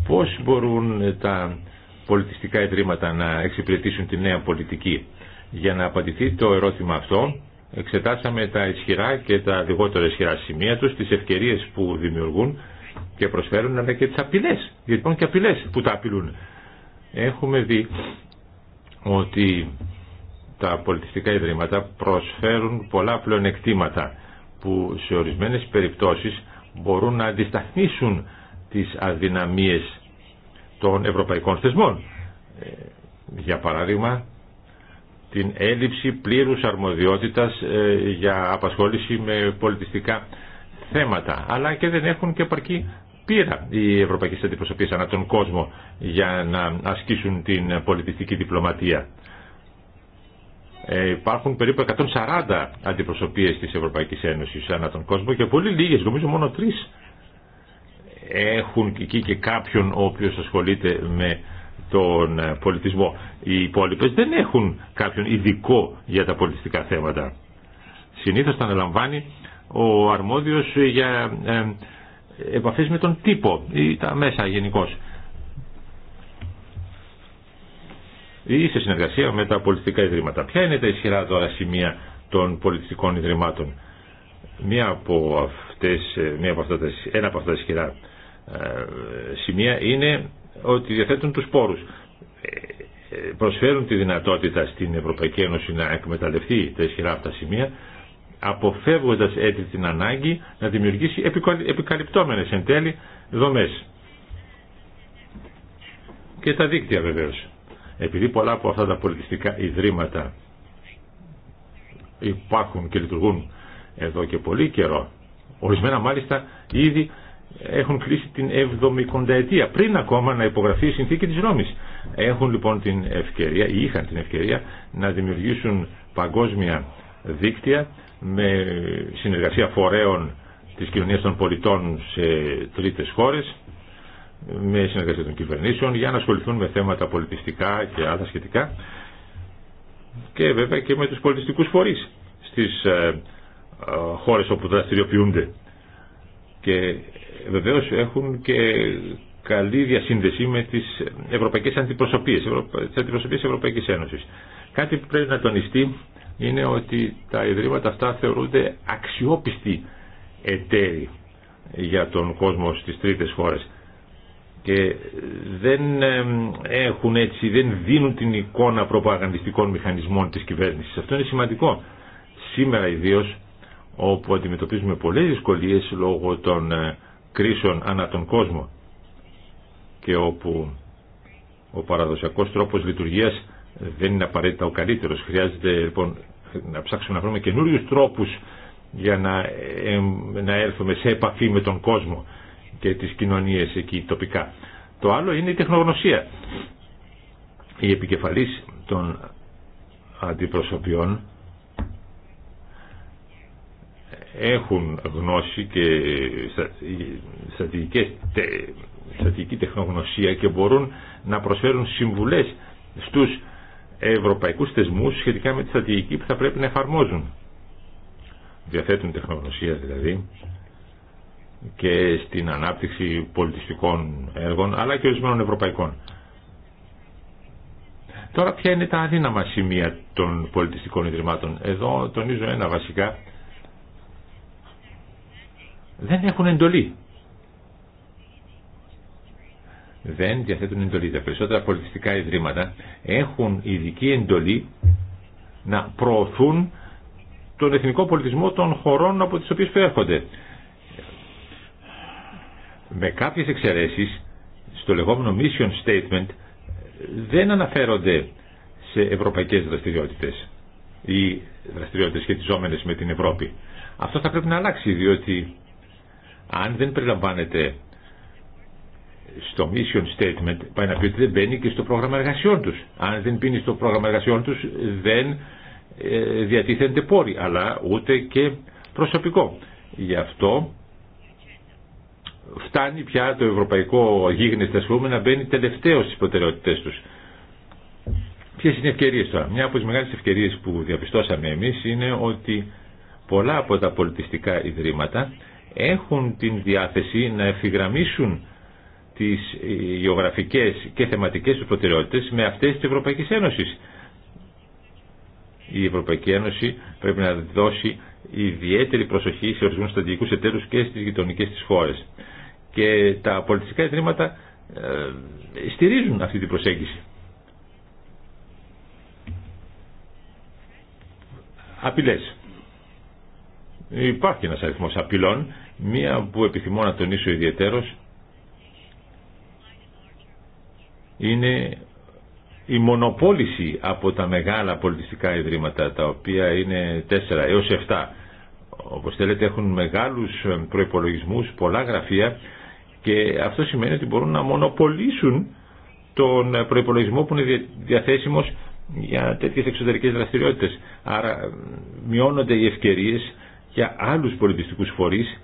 Πώς μπορούν τα πολιτιστικά ιδρύματα να εξυπηρετήσουν τη νέα πολιτική για να απαντηθεί το ερώτημα αυτό, εξετάσαμε τα ισχυρά και τα λιγότερα ισχυρά σημεία τους, τις ευκαιρίες που δημιουργούν και προσφέρουν, αλλά και τις απειλές, υπάρχουν και απειλές που τα απειλούν. Έχουμε δει ότι τα πολιτιστικά ιδρύματα προσφέρουν πολλά πλεονεκτήματα που σε ορισμένες περιπτώσεις μπορούν να αντισταθμίσουν τις αδυναμίες των ευρωπαϊκών θεσμών. Ε, για παράδειγμα, την έλλειψη πλήρους αρμοδιότητας ε, για απασχόληση με πολιτιστικά θέματα, αλλά και δεν έχουν και επαρκή πείρα οι ευρωπαϊκές Αντιπροσωπείς ανά τον κόσμο για να ασκήσουν την πολιτιστική διπλωματία. Ε, υπάρχουν περίπου 140 αντιπροσωπείες της Ευρωπαϊκής Ένωσης ανά τον κόσμο και πολύ λίγες, νομίζω μόνο τρεις έχουν εκεί και κάποιον ο οποίος ασχολείται με τον ε, πολιτισμό. Οι υπόλοιπε δεν έχουν κάποιον ειδικό για τα πολιτιστικά θέματα. Συνήθω τα αναλαμβάνει ο αρμόδιος για ε, επαφέ με τον τύπο ή τα μέσα γενικώ. ή σε συνεργασία με τα πολιτιστικά ιδρύματα. Ποια είναι τα ισχυρά τώρα σημεία των πολιτιστικών ιδρυμάτων. Μία από αυτές, ε, μία από αυτά, ένα από αυτά τα ισχυρά σημεία είναι ότι διαθέτουν τους πόρους. Ε, ε, προσφέρουν τη δυνατότητα στην Ευρωπαϊκή Ένωση να εκμεταλλευτεί τα ισχυρά αυτά σημεία, αποφεύγοντας έτσι την ανάγκη να δημιουργήσει επικαλυπτόμενες εν τέλει δομές. Και τα δίκτυα βεβαίως. Επειδή πολλά από αυτά τα πολιτιστικά ιδρύματα υπάρχουν και λειτουργούν εδώ και πολύ καιρό, ορισμένα μάλιστα ήδη έχουν κλείσει την 70η ετία, πριν ακόμα να υπογραφεί η Έχουν λοιπόν την ευκαιρία, ή είχαν την ευκαιρία, να δημιουργήσουν παγκόσμια δίκτυα με συνεργασία φορέων της κοινωνίας των πολιτών σε τρίτες χώρες, με συνεργασία των κυβερνήσεων, για να ασχοληθούν με θέματα πολιτιστικά και άλλα σχετικά και βέβαια και με τους πολιτιστικούς φορείς στις ε, ε, χώρες όπου δραστηριοποιούνται και βεβαίως έχουν και καλή διασύνδεση με τις ευρωπαϊκές αντιπροσωπείες, τις αντιπροσωπείες της Ευρωπαϊκής Ένωσης. Κάτι που πρέπει να τονιστεί είναι ότι τα ιδρύματα αυτά θεωρούνται αξιόπιστοι εταίροι για τον κόσμο στις τρίτες χώρες και δεν έχουν έτσι, δεν δίνουν την εικόνα προπαγανδιστικών μηχανισμών της κυβέρνησης. Αυτό είναι σημαντικό. Σήμερα ιδίως όπου αντιμετωπίζουμε πολλές δυσκολίες λόγω των ε, κρίσεων ανά τον κόσμο και όπου ο παραδοσιακός τρόπος λειτουργίας δεν είναι απαραίτητα ο καλύτερος. Χρειάζεται λοιπόν να ψάξουμε να βρούμε καινούριου τρόπους για να, ε, να έρθουμε σε επαφή με τον κόσμο και τις κοινωνίες εκεί τοπικά. Το άλλο είναι η τεχνογνωσία. η επικεφαλής των αντιπροσωπιών έχουν γνώση και στρατηγική τεχνογνωσία και μπορούν να προσφέρουν συμβουλές στους ευρωπαϊκούς θεσμούς σχετικά με τη στρατηγική που θα πρέπει να εφαρμόζουν. Διαθέτουν τεχνογνωσία δηλαδή και στην ανάπτυξη πολιτιστικών έργων αλλά και ορισμένων ευρωπαϊκών. Τώρα ποια είναι τα αδύναμα σημεία των πολιτιστικών ιδρυμάτων. Εδώ τονίζω ένα βασικά δεν έχουν εντολή. Δεν διαθέτουν εντολή. Τα περισσότερα πολιτιστικά ιδρύματα έχουν ειδική εντολή να προωθούν τον εθνικό πολιτισμό των χωρών από τις οποίες προέρχονται. Με κάποιες εξαιρέσεις, στο λεγόμενο mission statement δεν αναφέρονται σε ευρωπαϊκές δραστηριότητες ή δραστηριότητες σχετιζόμενες με την Ευρώπη. Αυτό θα πρέπει να αλλάξει διότι αν δεν περιλαμβάνεται στο mission statement πάει να πει ότι δεν μπαίνει και στο πρόγραμμα εργασιών τους. Αν δεν μπαίνει στο πρόγραμμα εργασιών τους δεν ε, διατίθενται πόροι αλλά ούτε και προσωπικό. Γι' αυτό φτάνει πια το ευρωπαϊκό γίγνεσθε σχόλιο να μπαίνει τελευταίο στις προτεραιότητες τους. Ποιε είναι οι ευκαιρίες τώρα. Μια από τις μεγάλες ευκαιρίες που διαπιστώσαμε εμείς είναι ότι πολλά από τα πολιτιστικά ιδρύματα έχουν την διάθεση να ευθυγραμμίσουν τις ε, γεωγραφικές και θεματικές τους προτεραιότητες με αυτές της Ευρωπαϊκής Ένωσης. Η Ευρωπαϊκή Ένωση πρέπει να δώσει ιδιαίτερη προσοχή σε ορισμούς στρατηγικούς εταίρους και στις γειτονικές της χώρες. Και τα πολιτιστικά ιδρύματα ε, στηρίζουν αυτή την προσέγγιση. Απειλές. Υπάρχει ένας αριθμός απειλών Μία που επιθυμώ να τονίσω ιδιαίτερος είναι η μονοπόληση από τα μεγάλα πολιτιστικά ιδρύματα τα οποία είναι 4 έως 7 όπως θέλετε έχουν μεγάλους προϋπολογισμούς, πολλά γραφεία και αυτό σημαίνει ότι μπορούν να μονοπολίσουν τον προϋπολογισμό που είναι διαθέσιμος για τέτοιες εξωτερικές δραστηριότητες. Άρα μειώνονται οι ευκαιρίες για άλλους πολιτιστικούς φορείς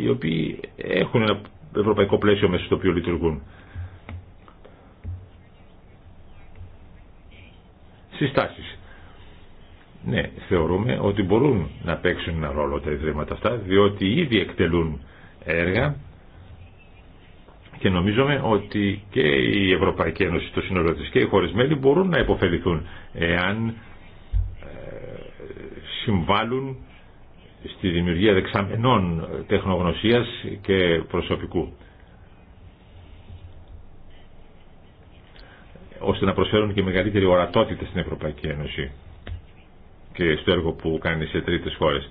οι οποίοι έχουν ένα ευρωπαϊκό πλαίσιο μέσα στο οποίο λειτουργούν. Συστάσεις. Ναι, θεωρούμε ότι μπορούν να παίξουν ένα ρόλο τα ιδρύματα αυτά, διότι ήδη εκτελούν έργα και νομίζουμε ότι και η Ευρωπαϊκή Ένωση, το σύνολο της και οι χώρες μέλη μπορούν να υποφεληθούν εάν ε, συμβάλλουν στη δημιουργία δεξαμενών τεχνογνωσίας και προσωπικού. ώστε να προσφέρουν και μεγαλύτερη ορατότητα στην Ευρωπαϊκή Ένωση και στο έργο που κάνει σε τρίτες χώρες.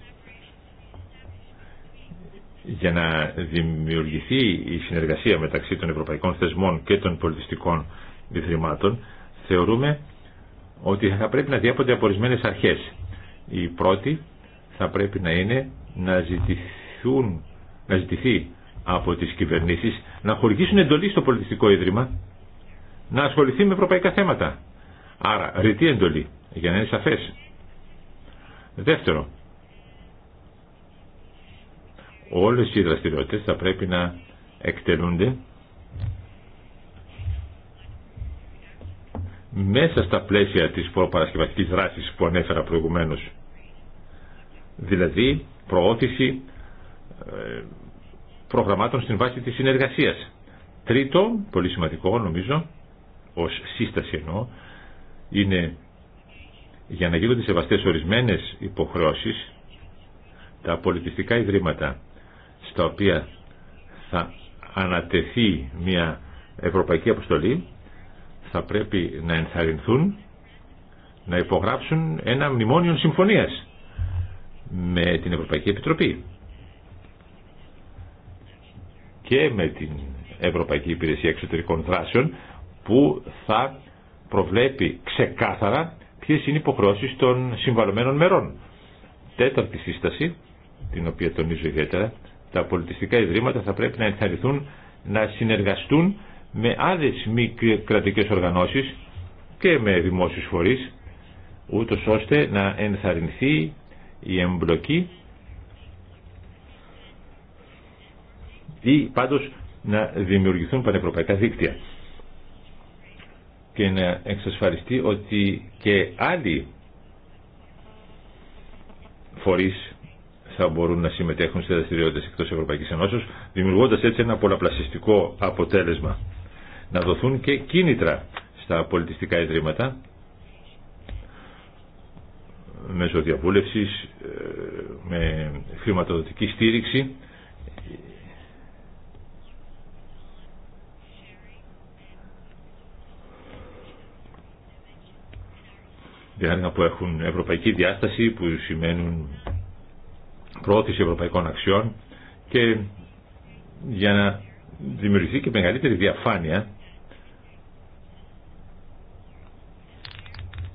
Για να δημιουργηθεί η συνεργασία μεταξύ των ευρωπαϊκών θεσμών και των πολιτιστικών διδρυμάτων, θεωρούμε ότι θα πρέπει να διέπονται από ορισμένε αρχές. Η πρώτη θα πρέπει να είναι να, ζητηθούν, να ζητηθεί από τις κυβερνήσεις να χορηγήσουν εντολή στο πολιτιστικό ίδρυμα να ασχοληθεί με ευρωπαϊκά θέματα. Άρα, ρητή εντολή, για να είναι σαφές. Δεύτερο, όλες οι δραστηριότητες θα πρέπει να εκτελούνται μέσα στα πλαίσια της προπαρασκευαστικής δράσης που ανέφερα προηγουμένως δηλαδή προώθηση ε, προγραμμάτων στην βάση της συνεργασίας. Τρίτο, πολύ σημαντικό νομίζω, ως σύσταση εννοώ, είναι για να γίνονται σεβαστές ορισμένες υποχρεώσεις τα πολιτιστικά ιδρύματα στα οποία θα ανατεθεί μια ευρωπαϊκή αποστολή θα πρέπει να ενθαρρυνθούν να υπογράψουν ένα μνημόνιο συμφωνίας με την Ευρωπαϊκή Επιτροπή και με την Ευρωπαϊκή Υπηρεσία Εξωτερικών Δράσεων που θα προβλέπει ξεκάθαρα ποιε είναι οι υποχρεώσει των συμβαλωμένων μερών. Τέταρτη σύσταση, την οποία τονίζω ιδιαίτερα, τα πολιτιστικά ιδρύματα θα πρέπει να ενθαρρυνθούν να συνεργαστούν με άλλε μη κρατικές οργανώσει και με δημόσιου φορεί, ούτω ώστε να ενθαρρυνθεί η εμπλοκή ή πάντως να δημιουργηθούν πανευρωπαϊκά δίκτυα και να εξασφαλιστεί ότι και άλλοι φορείς θα μπορούν να συμμετέχουν σε δραστηριότητες εκτός Ευρωπαϊκής Ενώσεως, δημιουργώντας έτσι ένα πολλαπλασιστικό αποτέλεσμα. Να δοθούν και κίνητρα στα πολιτιστικά ιδρύματα μέσω διαβούλευσης, ε, με χρηματοδοτική στήριξη. διάρκεια που έχουν ευρωπαϊκή διάσταση, που σημαίνουν προώθηση ευρωπαϊκών αξιών και για να δημιουργηθεί και μεγαλύτερη διαφάνεια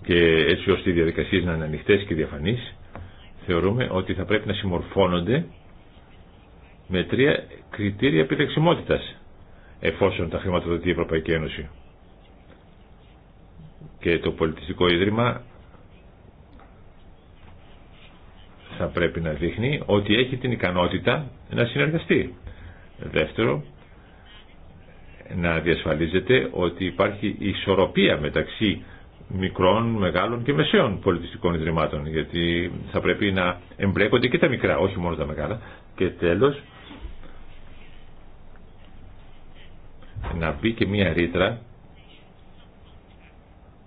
και έτσι ώστε οι διαδικασίες να είναι ανοιχτές και διαφανείς, θεωρούμε ότι θα πρέπει να συμμορφώνονται με τρία κριτήρια επιλεξιμότητας εφόσον τα χρηματοδοτεί η Ευρωπαϊκή Ένωση. Και το πολιτιστικό ίδρυμα θα πρέπει να δείχνει ότι έχει την ικανότητα να συνεργαστεί. Δεύτερο, να διασφαλίζεται ότι υπάρχει ισορροπία μεταξύ μικρών, μεγάλων και μεσαίων πολιτιστικών ιδρυμάτων γιατί θα πρέπει να εμπλέκονται και τα μικρά, όχι μόνο τα μεγάλα και τέλος να μπει και μία ρήτρα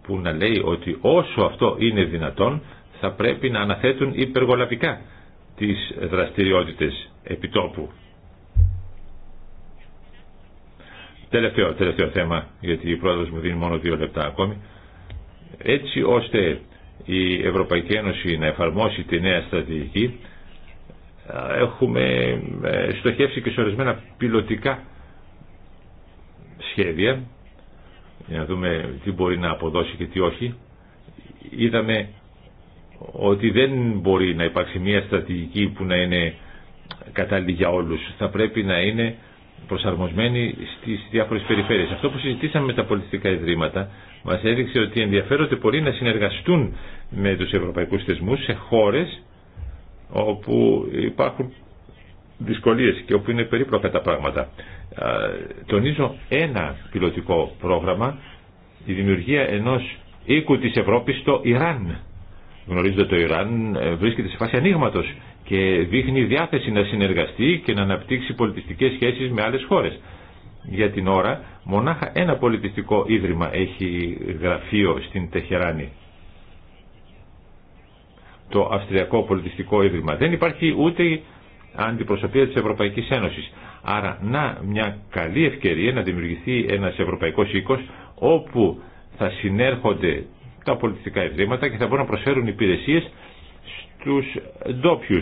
που να λέει ότι όσο αυτό είναι δυνατόν θα πρέπει να αναθέτουν υπεργολαβικά τις δραστηριότητες επιτόπου. Τελευταίο, τελευταίο θέμα, γιατί η πρόεδρος μου δίνει μόνο δύο λεπτά ακόμη έτσι ώστε η Ευρωπαϊκή Ένωση να εφαρμόσει τη νέα στρατηγική έχουμε ε, στοχεύσει και σε ορισμένα πιλωτικά σχέδια για να δούμε τι μπορεί να αποδώσει και τι όχι είδαμε ότι δεν μπορεί να υπάρξει μια στρατηγική που να είναι κατάλληλη για όλους θα πρέπει να είναι προσαρμοσμένη στις διάφορες περιφέρειες. Αυτό που συζητήσαμε με τα πολιτιστικά ιδρύματα μα έδειξε ότι ενδιαφέρονται πολύ να συνεργαστούν με τους ευρωπαϊκούς θεσμού σε χώρες όπου υπάρχουν δυσκολίες και όπου είναι περίπλοκα τα πράγματα. Τονίζω ένα πιλωτικό πρόγραμμα, η δημιουργία ενός οίκου τη Ευρώπης στο Ιράν. Γνωρίζετε το Ιράν ε, βρίσκεται σε φάση ανοίγματο και δείχνει διάθεση να συνεργαστεί και να αναπτύξει πολιτιστικές σχέσεις με άλλες χώρες. Για την ώρα μονάχα ένα πολιτιστικό ίδρυμα έχει γραφείο στην Τεχεράνη. Το Αυστριακό Πολιτιστικό Ίδρυμα. Δεν υπάρχει ούτε η αντιπροσωπεία της Ευρωπαϊκής Ένωσης. Άρα να μια καλή ευκαιρία να δημιουργηθεί ένας ευρωπαϊκός οίκος όπου θα συνέρχονται τα πολιτιστικά ιδρύματα και θα μπορούν να προσφέρουν υπηρεσίες τους ντόπιου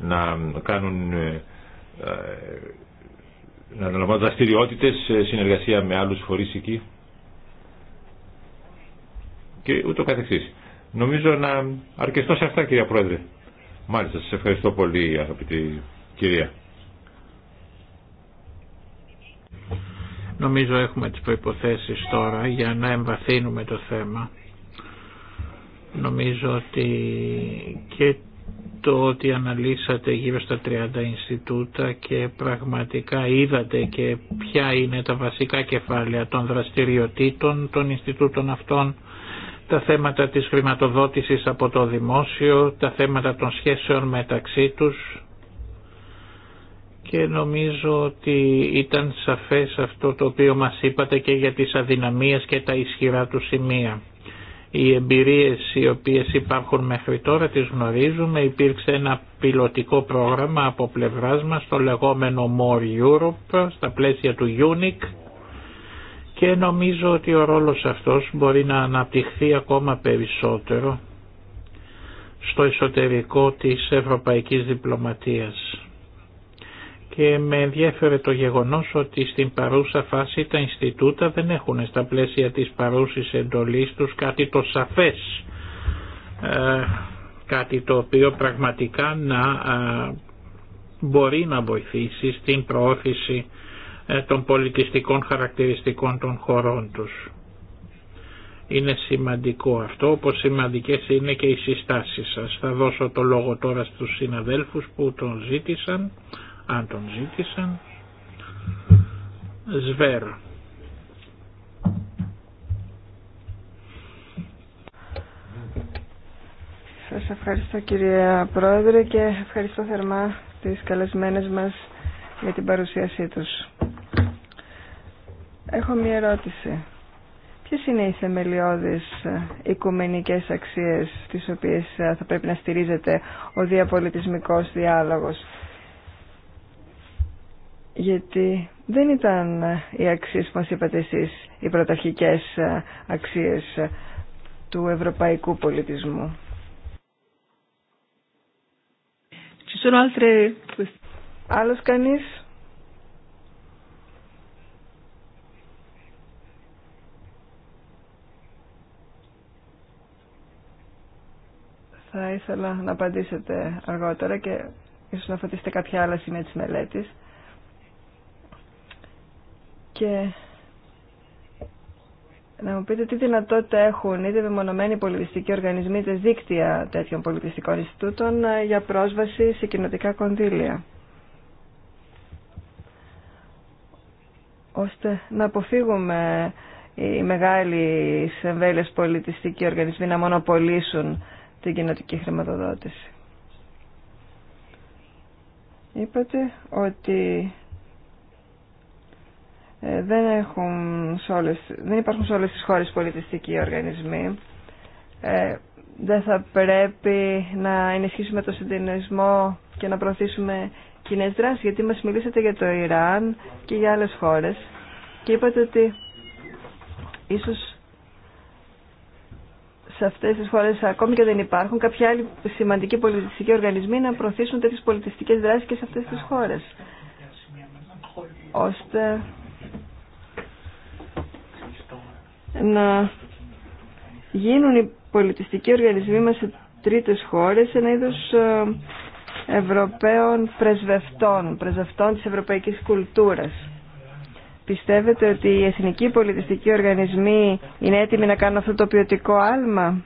να κάνουν ε, να αναλαμβάνουν δραστηριότητε σε συνεργασία με άλλους φορείς εκεί και ούτω καθεξής. Νομίζω να αρκεστώ σε αυτά κυρία Πρόεδρε. Μάλιστα, σας ευχαριστώ πολύ αγαπητή κυρία. Νομίζω έχουμε τις προϋποθέσεις τώρα για να εμβαθύνουμε το θέμα. Νομίζω ότι και το ότι αναλύσατε γύρω στα 30 Ινστιτούτα και πραγματικά είδατε και ποια είναι τα βασικά κεφάλαια των δραστηριοτήτων των Ινστιτούτων αυτών, τα θέματα της χρηματοδότησης από το δημόσιο, τα θέματα των σχέσεων μεταξύ τους και νομίζω ότι ήταν σαφές αυτό το οποίο μας είπατε και για τις αδυναμίες και τα ισχυρά του σημεία. Οι εμπειρίες οι οποίες υπάρχουν μέχρι τώρα τις γνωρίζουμε. Υπήρξε ένα πιλωτικό πρόγραμμα από πλευράς μας στο λεγόμενο More Europe στα πλαίσια του UNIC και νομίζω ότι ο ρόλος αυτός μπορεί να αναπτυχθεί ακόμα περισσότερο στο εσωτερικό της ευρωπαϊκής διπλωματίας και με ενδιέφερε το γεγονός ότι στην παρούσα φάση τα Ινστιτούτα δεν έχουν στα πλαίσια της παρούσης εντολής τους κάτι το σαφές, ε, κάτι το οποίο πραγματικά να ε, μπορεί να βοηθήσει στην προώθηση ε, των πολιτιστικών χαρακτηριστικών των χωρών τους. Είναι σημαντικό αυτό, όπως σημαντικές είναι και οι συστάσεις σας. Θα δώσω το λόγο τώρα στους συναδέλφους που τον ζήτησαν αν τον ζήτησαν. Σβέρ. Σας ευχαριστώ κυρία Πρόεδρε και ευχαριστώ θερμά τις καλεσμένες μας για την παρουσίασή τους. Έχω μία ερώτηση. Ποιες είναι οι θεμελιώδεις ε, οικουμενικές αξίες τις οποίες ε, θα πρέπει να στηρίζεται ο διαπολιτισμικός διάλογος γιατί δεν ήταν ε, οι αξίες που μας είπατε εσείς, οι πρωταρχικές ε, αξίες ε, του ευρωπαϊκού πολιτισμού. Άλλος κανείς? Θα ήθελα να απαντήσετε αργότερα και ίσως να φωτίσετε κάποια άλλα σημεία της μελέτης και να μου πείτε τι δυνατότητα έχουν είτε μεμονωμένοι πολιτιστικοί οργανισμοί είτε δίκτυα τέτοιων πολιτιστικών Ινστιτούτων ε, για πρόσβαση σε κοινοτικά κονδύλια. ώστε να αποφύγουμε οι μεγάλοι εμβέλειες πολιτιστικοί οργανισμοί να μονοπολίσουν την κοινωτική χρηματοδότηση. Είπατε ότι ε, δεν, έχουν όλες, δεν υπάρχουν σε όλες τις χώρες πολιτιστικοί οργανισμοί. Ε, δεν θα πρέπει να ενισχύσουμε το συντηρησμό και να προωθήσουμε κοινέ δράσεις, γιατί μας μιλήσατε για το Ιράν και για άλλες χώρες και είπατε ότι ίσως σε αυτές τις χώρες ακόμη και δεν υπάρχουν κάποιοι άλλοι σημαντικοί πολιτιστικοί οργανισμοί να προωθήσουν τέτοιες πολιτιστικές δράσεις και σε αυτές τις χώρες ώστε να γίνουν οι πολιτιστικοί οργανισμοί μας σε τρίτες χώρες ένα είδος ε, Ευρωπαίων πρεσβευτών, πρεσβευτών της ευρωπαϊκής κουλτούρας. Πιστεύετε ότι οι εθνικοί πολιτιστικοί οργανισμοί είναι έτοιμοι να κάνουν αυτό το ποιοτικό άλμα,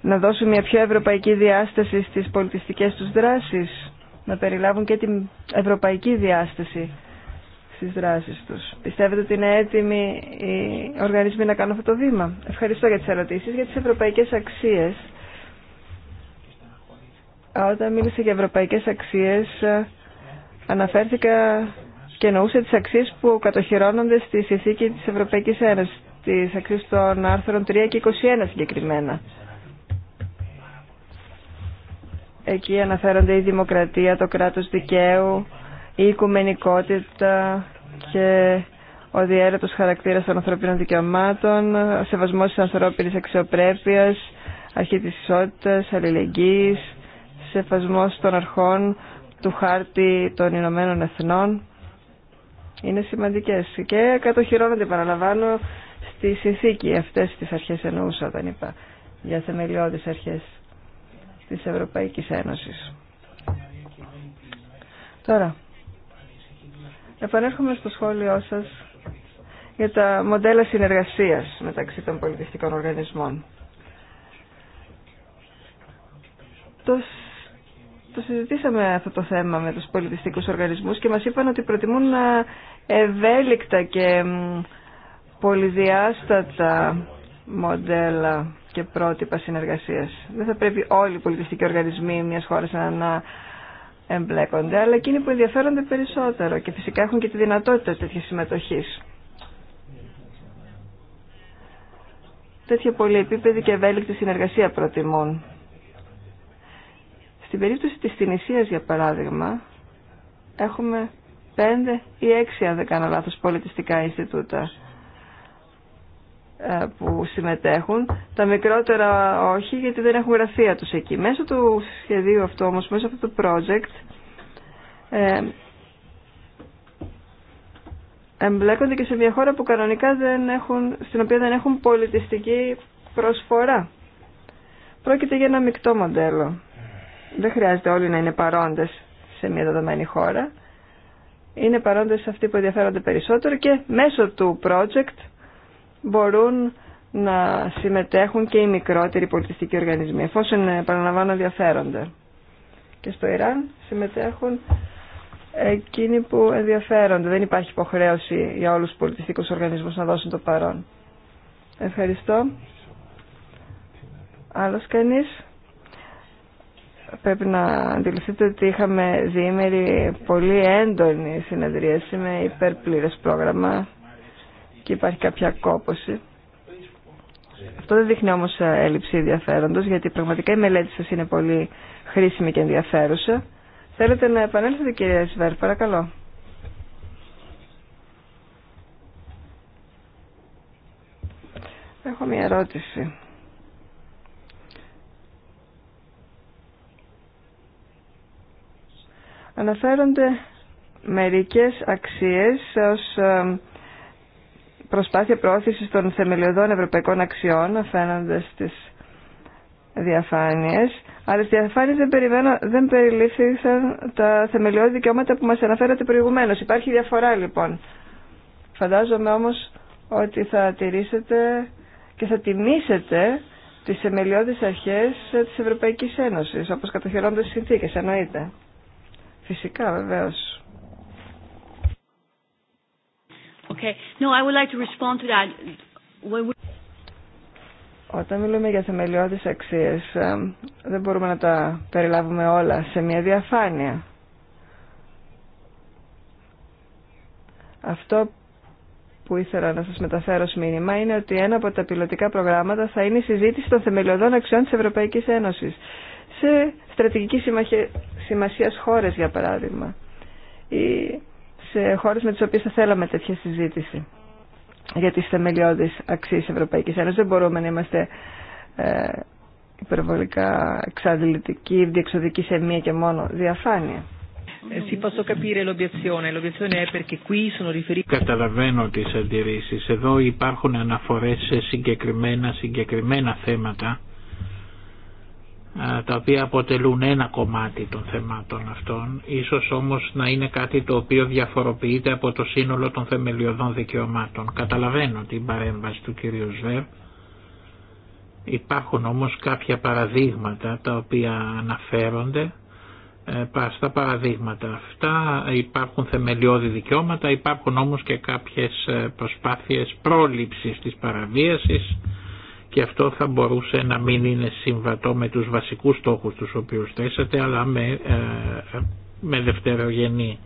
να δώσουν μια πιο ευρωπαϊκή διάσταση στις πολιτιστικές τους δράσεις, να περιλάβουν και την ευρωπαϊκή διάσταση στις δράσεις τους. Πιστεύετε ότι είναι έτοιμοι οι οργανισμοί να κάνουν αυτό το βήμα. Ευχαριστώ για τις ερωτήσεις. Για τις ευρωπαϊκές αξίες. Όταν μίλησα για ευρωπαϊκές αξίες ε, αναφέρθηκα και εννοούσε τις αξίες που κατοχυρώνονται στη συνθήκη της Ευρωπαϊκής Ένωσης, τις αξίες των άρθρων 3 και 21 συγκεκριμένα. Εκεί αναφέρονται η δημοκρατία, το κράτος δικαίου, η οικουμενικότητα και ο διέρετος χαρακτήρας των ανθρωπίνων δικαιωμάτων, ο σεβασμός της ανθρώπινης αξιοπρέπειας, αρχή της ισότητας, αλληλεγγύης, σεβασμός των αρχών του χάρτη των Ηνωμένων Εθνών. Είναι σημαντικές και κατοχυρώνονται, παραλαμβάνω, στη συνθήκη αυτές τις αρχές εννοούσα όταν είπα για θεμελιώδεις αρχές της Ευρωπαϊκής Ένωσης. Τώρα, Επανέρχομαι στο σχόλιο σας για τα μοντέλα συνεργασίας μεταξύ των πολιτιστικών οργανισμών. Το, συζητήσαμε αυτό το θέμα με τους πολιτιστικούς οργανισμούς και μας είπαν ότι προτιμούν να ε, ευέλικτα και πολυδιάστατα μοντέλα και πρότυπα συνεργασίας. Δεν θα πρέπει όλοι οι πολιτιστικοί οργανισμοί μιας χώρας να εμπλέκονται, αλλά εκείνοι που ενδιαφέρονται περισσότερο και φυσικά έχουν και τη δυνατότητα τέτοια συμμετοχή. Τέτοια πολυεπίπεδη και ευέλικτη συνεργασία προτιμούν. Στην περίπτωση της Τινησίας, για παράδειγμα, έχουμε πέντε ή έξι, αν δεν κάνω λάθος, πολιτιστικά Ινστιτούτα ε, που συμμετέχουν, τα μικρότερα όχι γιατί δεν έχουν γραφεία τους εκεί. Μέσω του σχεδίου αυτό όμως, μέσω αυτού του project, ε, εμπλέκονται και σε μια χώρα που κανονικά δεν έχουν, στην οποία δεν έχουν πολιτιστική προσφορά. Πρόκειται για ένα μεικτό μοντέλο. Δεν χρειάζεται όλοι να είναι παρόντες σε μια δεδομένη χώρα. Είναι παρόντες αυτοί που ενδιαφέρονται περισσότερο και μέσω του project μπορούν να συμμετέχουν και οι μικρότεροι πολιτιστικοί οργανισμοί, εφόσον ε, παραλαμβάνουν ενδιαφέρονται. Και στο Ιράν συμμετέχουν εκείνοι που ενδιαφέρονται. Δεν υπάρχει υποχρέωση για όλους τους πολιτιστικούς οργανισμούς να δώσουν το παρόν. Ευχαριστώ. Άλλος κανείς. Πρέπει να αντιληφθείτε ότι είχαμε διήμερη πολύ έντονη συνεδρίαση με υπερπλήρες πρόγραμμα και υπάρχει κάποια κόπωση. Αυτό δεν δείχνει όμως ε, έλλειψη ενδιαφέροντος, γιατί πραγματικά η μελέτη σας είναι πολύ χρήσιμη και ενδιαφέρουσα. Θέλετε να επανέλθετε κυρία Σβέρ, παρακαλώ. Έχω μια ερώτηση. Αναφέρονται μερικές αξίες ως ε, προσπάθεια προώθησης των θεμελιωδών ευρωπαϊκών αξιών αφαίνοντας τις διαφάνειες, αλλά στις διαφάνειες δεν, δεν περιλήφθησαν τα θεμελιώδη δικαιώματα που μας αναφέρατε προηγουμένως. Υπάρχει διαφορά λοιπόν. Φαντάζομαι όμως ότι θα τηρήσετε και θα τιμήσετε τις θεμελιώδεις αρχές της Ευρωπαϊκής Ένωσης, όπως καταχαιρώνονται στις συνθήκες, εννοείται. Φυσικά, βεβαίως. Όταν μιλούμε για θεμελιώδεις αξίες, ε, δεν μπορούμε να τα περιλάβουμε όλα σε μια διαφάνεια. Αυτό που ήθελα να σας μεταφέρω ως μήνυμα είναι ότι ένα από τα πιλωτικά προγράμματα θα είναι η συζήτηση των θεμελιωδών αξιών της Ευρωπαϊκής Ένωσης σε στρατηγική σημασία χώρες για παράδειγμα ή σε χώρες με τις οποίες θα θέλαμε τέτοια συζήτηση για τις θεμελιώδεις αξίες Ευρωπαϊκής Ένωσης. Δεν μπορούμε να είμαστε ε, υπερβολικά εξαντλητικοί, διεξοδικοί σε μία και μόνο διαφάνεια. Ε, Καταλαβαίνω τις αντιρρήσεις. Εδώ υπάρχουν αναφορές σε συγκεκριμένα, συγκεκριμένα θέματα τα οποία αποτελούν ένα κομμάτι των θεμάτων αυτών, ίσως όμως να είναι κάτι το οποίο διαφοροποιείται από το σύνολο των θεμελιωδών δικαιωμάτων. Καταλαβαίνω την παρέμβαση του κυρίου Σβέρ, υπάρχουν όμως κάποια παραδείγματα τα οποία αναφέρονται, ε, στα παραδείγματα αυτά υπάρχουν θεμελιώδη δικαιώματα, υπάρχουν όμως και κάποιες ε, προσπάθειες πρόληψης της παραβίασης, και αυτό θα μπορούσε να μην είναι συμβατό με τους βασικούς στόχους τους οποίους θέσατε αλλά με, ε, δευτερογενή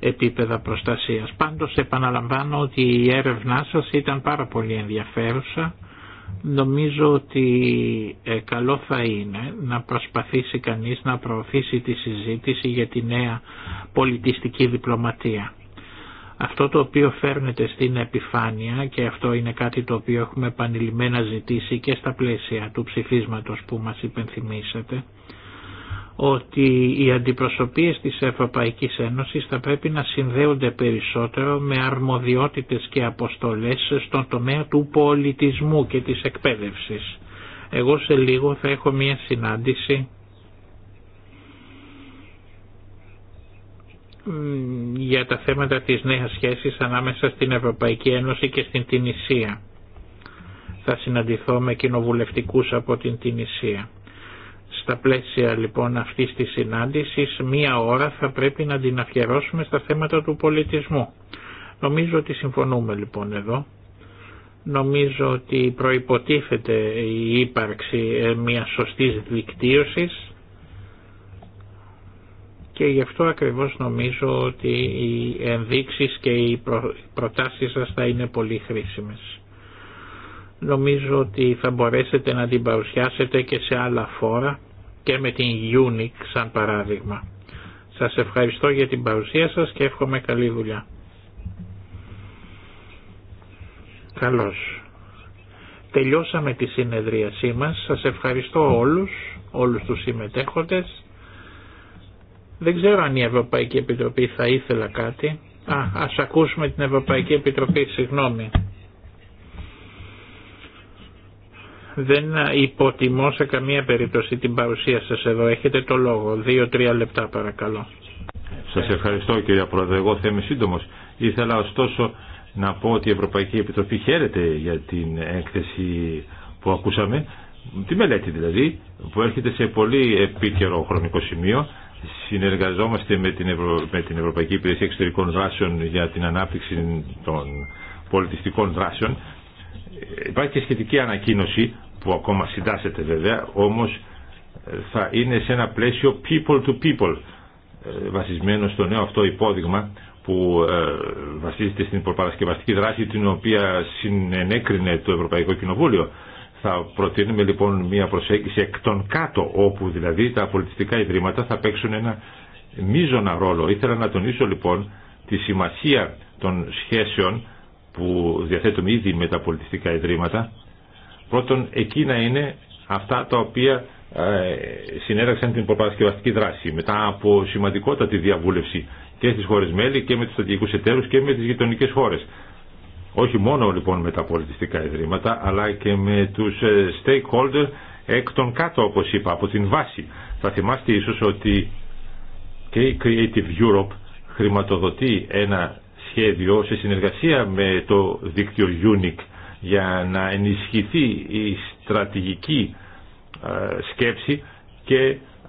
επίπεδα προστασίας. Πάντως επαναλαμβάνω ότι η έρευνά σας ήταν πάρα πολύ ενδιαφέρουσα. Νομίζω ότι ε, καλό θα είναι να προσπαθήσει κανείς να προωθήσει τη συζήτηση για τη νέα πολιτιστική διπλωματία. Αυτό το οποίο φέρνεται στην επιφάνεια και αυτό είναι κάτι το οποίο έχουμε επανειλημμένα ζητήσει και στα πλαίσια του ψηφίσματος που μας υπενθυμίσατε, ότι οι αντιπροσωπείες της Ευρωπαϊκής Ένωσης θα πρέπει να συνδέονται περισσότερο με αρμοδιότητες και αποστολές στον τομέα του πολιτισμού και της εκπαίδευσης. Εγώ σε λίγο θα έχω μία συνάντηση για τα θέματα της νέας σχέσης ανάμεσα στην Ευρωπαϊκή Ένωση και στην Τινησία. Θα συναντηθώ με κοινοβουλευτικούς από την Τινησία. Στα πλαίσια λοιπόν αυτής της συνάντησης μία ώρα θα πρέπει να την αφιερώσουμε στα θέματα του πολιτισμού. Νομίζω ότι συμφωνούμε λοιπόν εδώ. Νομίζω ότι προϋποτίθεται η ύπαρξη ε, μιας σωστής δικτύωσης και γι' αυτό ακριβώς νομίζω ότι οι ενδείξεις και οι προτάσεις σας θα είναι πολύ χρήσιμες. Νομίζω ότι θα μπορέσετε να την παρουσιάσετε και σε άλλα φόρα και με την UNIC σαν παράδειγμα. Σας ευχαριστώ για την παρουσία σας και εύχομαι καλή δουλειά. Καλώς. Τελειώσαμε τη συνεδρίασή μας. Σας ευχαριστώ όλους, όλους τους συμμετέχοντες δεν ξέρω αν η Ευρωπαϊκή Επιτροπή θα ήθελα κάτι. Α, ας ακούσουμε την Ευρωπαϊκή Επιτροπή, συγγνώμη. Δεν υποτιμώ σε καμία περίπτωση την παρουσία σας εδώ. Έχετε το λόγο. Δύο-τρία λεπτά παρακαλώ. Σας ευχαριστώ κύριε Πρόεδρε. Εγώ θα είμαι σύντομος. Ήθελα ωστόσο να πω ότι η Ευρωπαϊκή Επιτροπή χαίρεται για την έκθεση που ακούσαμε. Τη μελέτη δηλαδή που έρχεται σε πολύ επίκαιρο χρονικό σημείο συνεργαζόμαστε με την, με την Ευρωπαϊκή Υπηρεσία Εξωτερικών Δράσεων για την ανάπτυξη των πολιτιστικών δράσεων. Υπάρχει και σχετική ανακοίνωση που ακόμα συντάσσεται βέβαια, όμως ε, θα είναι σε ένα πλαίσιο people to people ε, βασισμένο στο νέο αυτό υπόδειγμα που ε, βασίζεται στην προπαρασκευαστική δράση την οποία συνενέκρινε το Ευρωπαϊκό Κοινοβούλιο θα προτείνουμε λοιπόν μια προσέγγιση εκ των κάτω, όπου δηλαδή τα πολιτιστικά ιδρύματα θα παίξουν ένα μείζωνα ρόλο. Ήθελα να τονίσω λοιπόν τη σημασία των σχέσεων που διαθέτουμε ήδη με τα πολιτιστικά ιδρύματα. Πρώτον, εκείνα είναι αυτά τα οποία ε, συνέταξαν την προπαρασκευαστική δράση μετά από σημαντικότατη διαβούλευση και στις χώρες μέλη και με τους στρατηγικούς εταίρους και με τις γειτονικές χώρες όχι μόνο λοιπόν με τα πολιτιστικά ιδρύματα αλλά και με τους ε, stakeholder εκ των κάτω όπως είπα από την βάση. Θα θυμάστε ίσως ότι και η Creative Europe χρηματοδοτεί ένα σχέδιο σε συνεργασία με το δίκτυο UNIC για να ενισχυθεί η στρατηγική ε, σκέψη και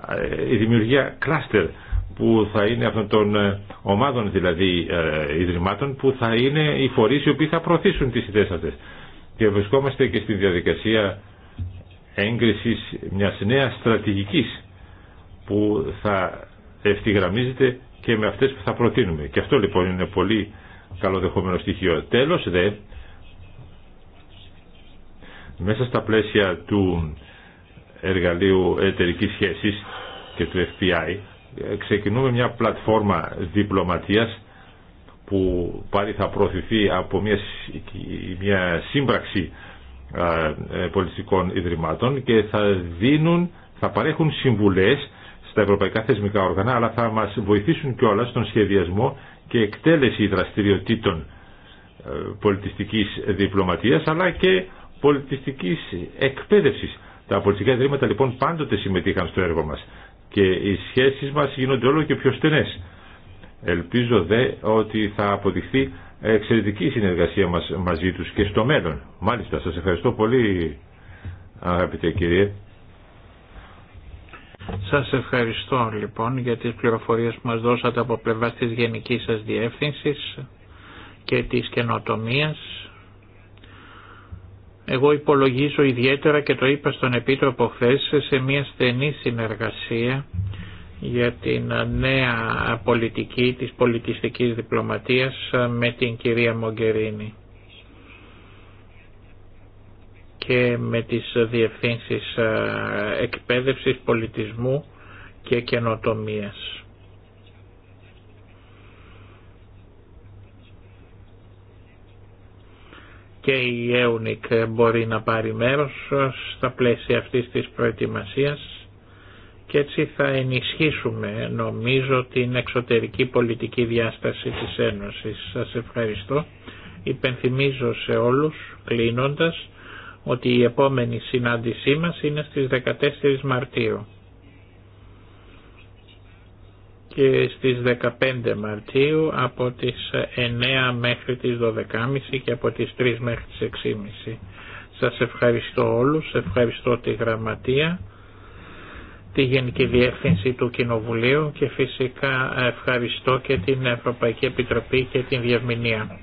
ε, η δημιουργία κλάστερ που θα είναι αυτών των ε, ομάδων δηλαδή ε, ιδρυμάτων που θα είναι οι φορείς οι οποίοι θα προωθήσουν τις ιδέες αυτές. Και βρισκόμαστε και στη διαδικασία έγκρισης μιας νέας στρατηγικής που θα ευθυγραμμίζεται και με αυτές που θα προτείνουμε. Και αυτό λοιπόν είναι πολύ καλοδεχόμενο στοιχείο. Τέλος δε, μέσα στα πλαίσια του εργαλείου εταιρικής σχέσης και του FBI ε, ξεκινούμε μια πλατφόρμα διπλωματίας που πάλι θα προωθηθεί από μια, μια σύμπραξη ε, πολιτιστικών ιδρυμάτων και θα δίνουν, θα παρέχουν συμβουλές στα ευρωπαϊκά θεσμικά όργανα αλλά θα μας βοηθήσουν κιόλα στον σχεδιασμό και εκτέλεση δραστηριοτήτων ε, πολιτιστικής διπλωματίας αλλά και πολιτιστικής εκπαίδευσης. Τα πολιτικά ιδρύματα λοιπόν πάντοτε συμμετείχαν στο έργο μας και οι σχέσεις μας γίνονται όλο και πιο στενές. Ελπίζω δε ότι θα αποδειχθεί εξαιρετική συνεργασία μας μαζί τους και στο μέλλον. Μάλιστα, σας ευχαριστώ πολύ αγαπητέ κύριε. Σας ευχαριστώ λοιπόν για τις πληροφορίες που μας δώσατε από πλευρά της Γενικής σας Διεύθυνσης και της καινοτομίας εγώ υπολογίζω ιδιαίτερα και το είπα στον Επίτροπο χθε σε μια στενή συνεργασία για την νέα πολιτική της πολιτιστικής διπλωματίας με την κυρία Μογκερίνη και με τις διευθύνσεις ε, εκπαίδευσης πολιτισμού και καινοτομίας. και η ΕΟΝΙΚ μπορεί να πάρει μέρος στα πλαίσια αυτής της προετοιμασίας και έτσι θα ενισχύσουμε νομίζω την εξωτερική πολιτική διάσταση της Ένωσης. Σας ευχαριστώ. Υπενθυμίζω σε όλους, κλείνοντας, ότι η επόμενη συνάντησή μας είναι στις 14 Μαρτίου και στις 15 Μαρτίου από τις 9 μέχρι τις 12.30 και από τις 3 μέχρι τις 6.30. Σας ευχαριστώ όλους, ευχαριστώ τη Γραμματεία, τη Γενική Διεύθυνση του Κοινοβουλίου και φυσικά ευχαριστώ και την Ευρωπαϊκή Επιτροπή και την Διευμηνία.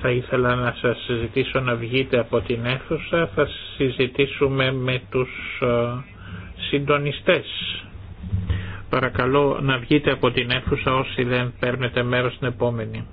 Θα ήθελα να σας συζητήσω να βγείτε από την αίθουσα, θα συζητήσουμε με τους ε, συντονιστές παρακαλώ να βγείτε από την αίθουσα όσοι δεν παίρνετε μέρος στην επόμενη.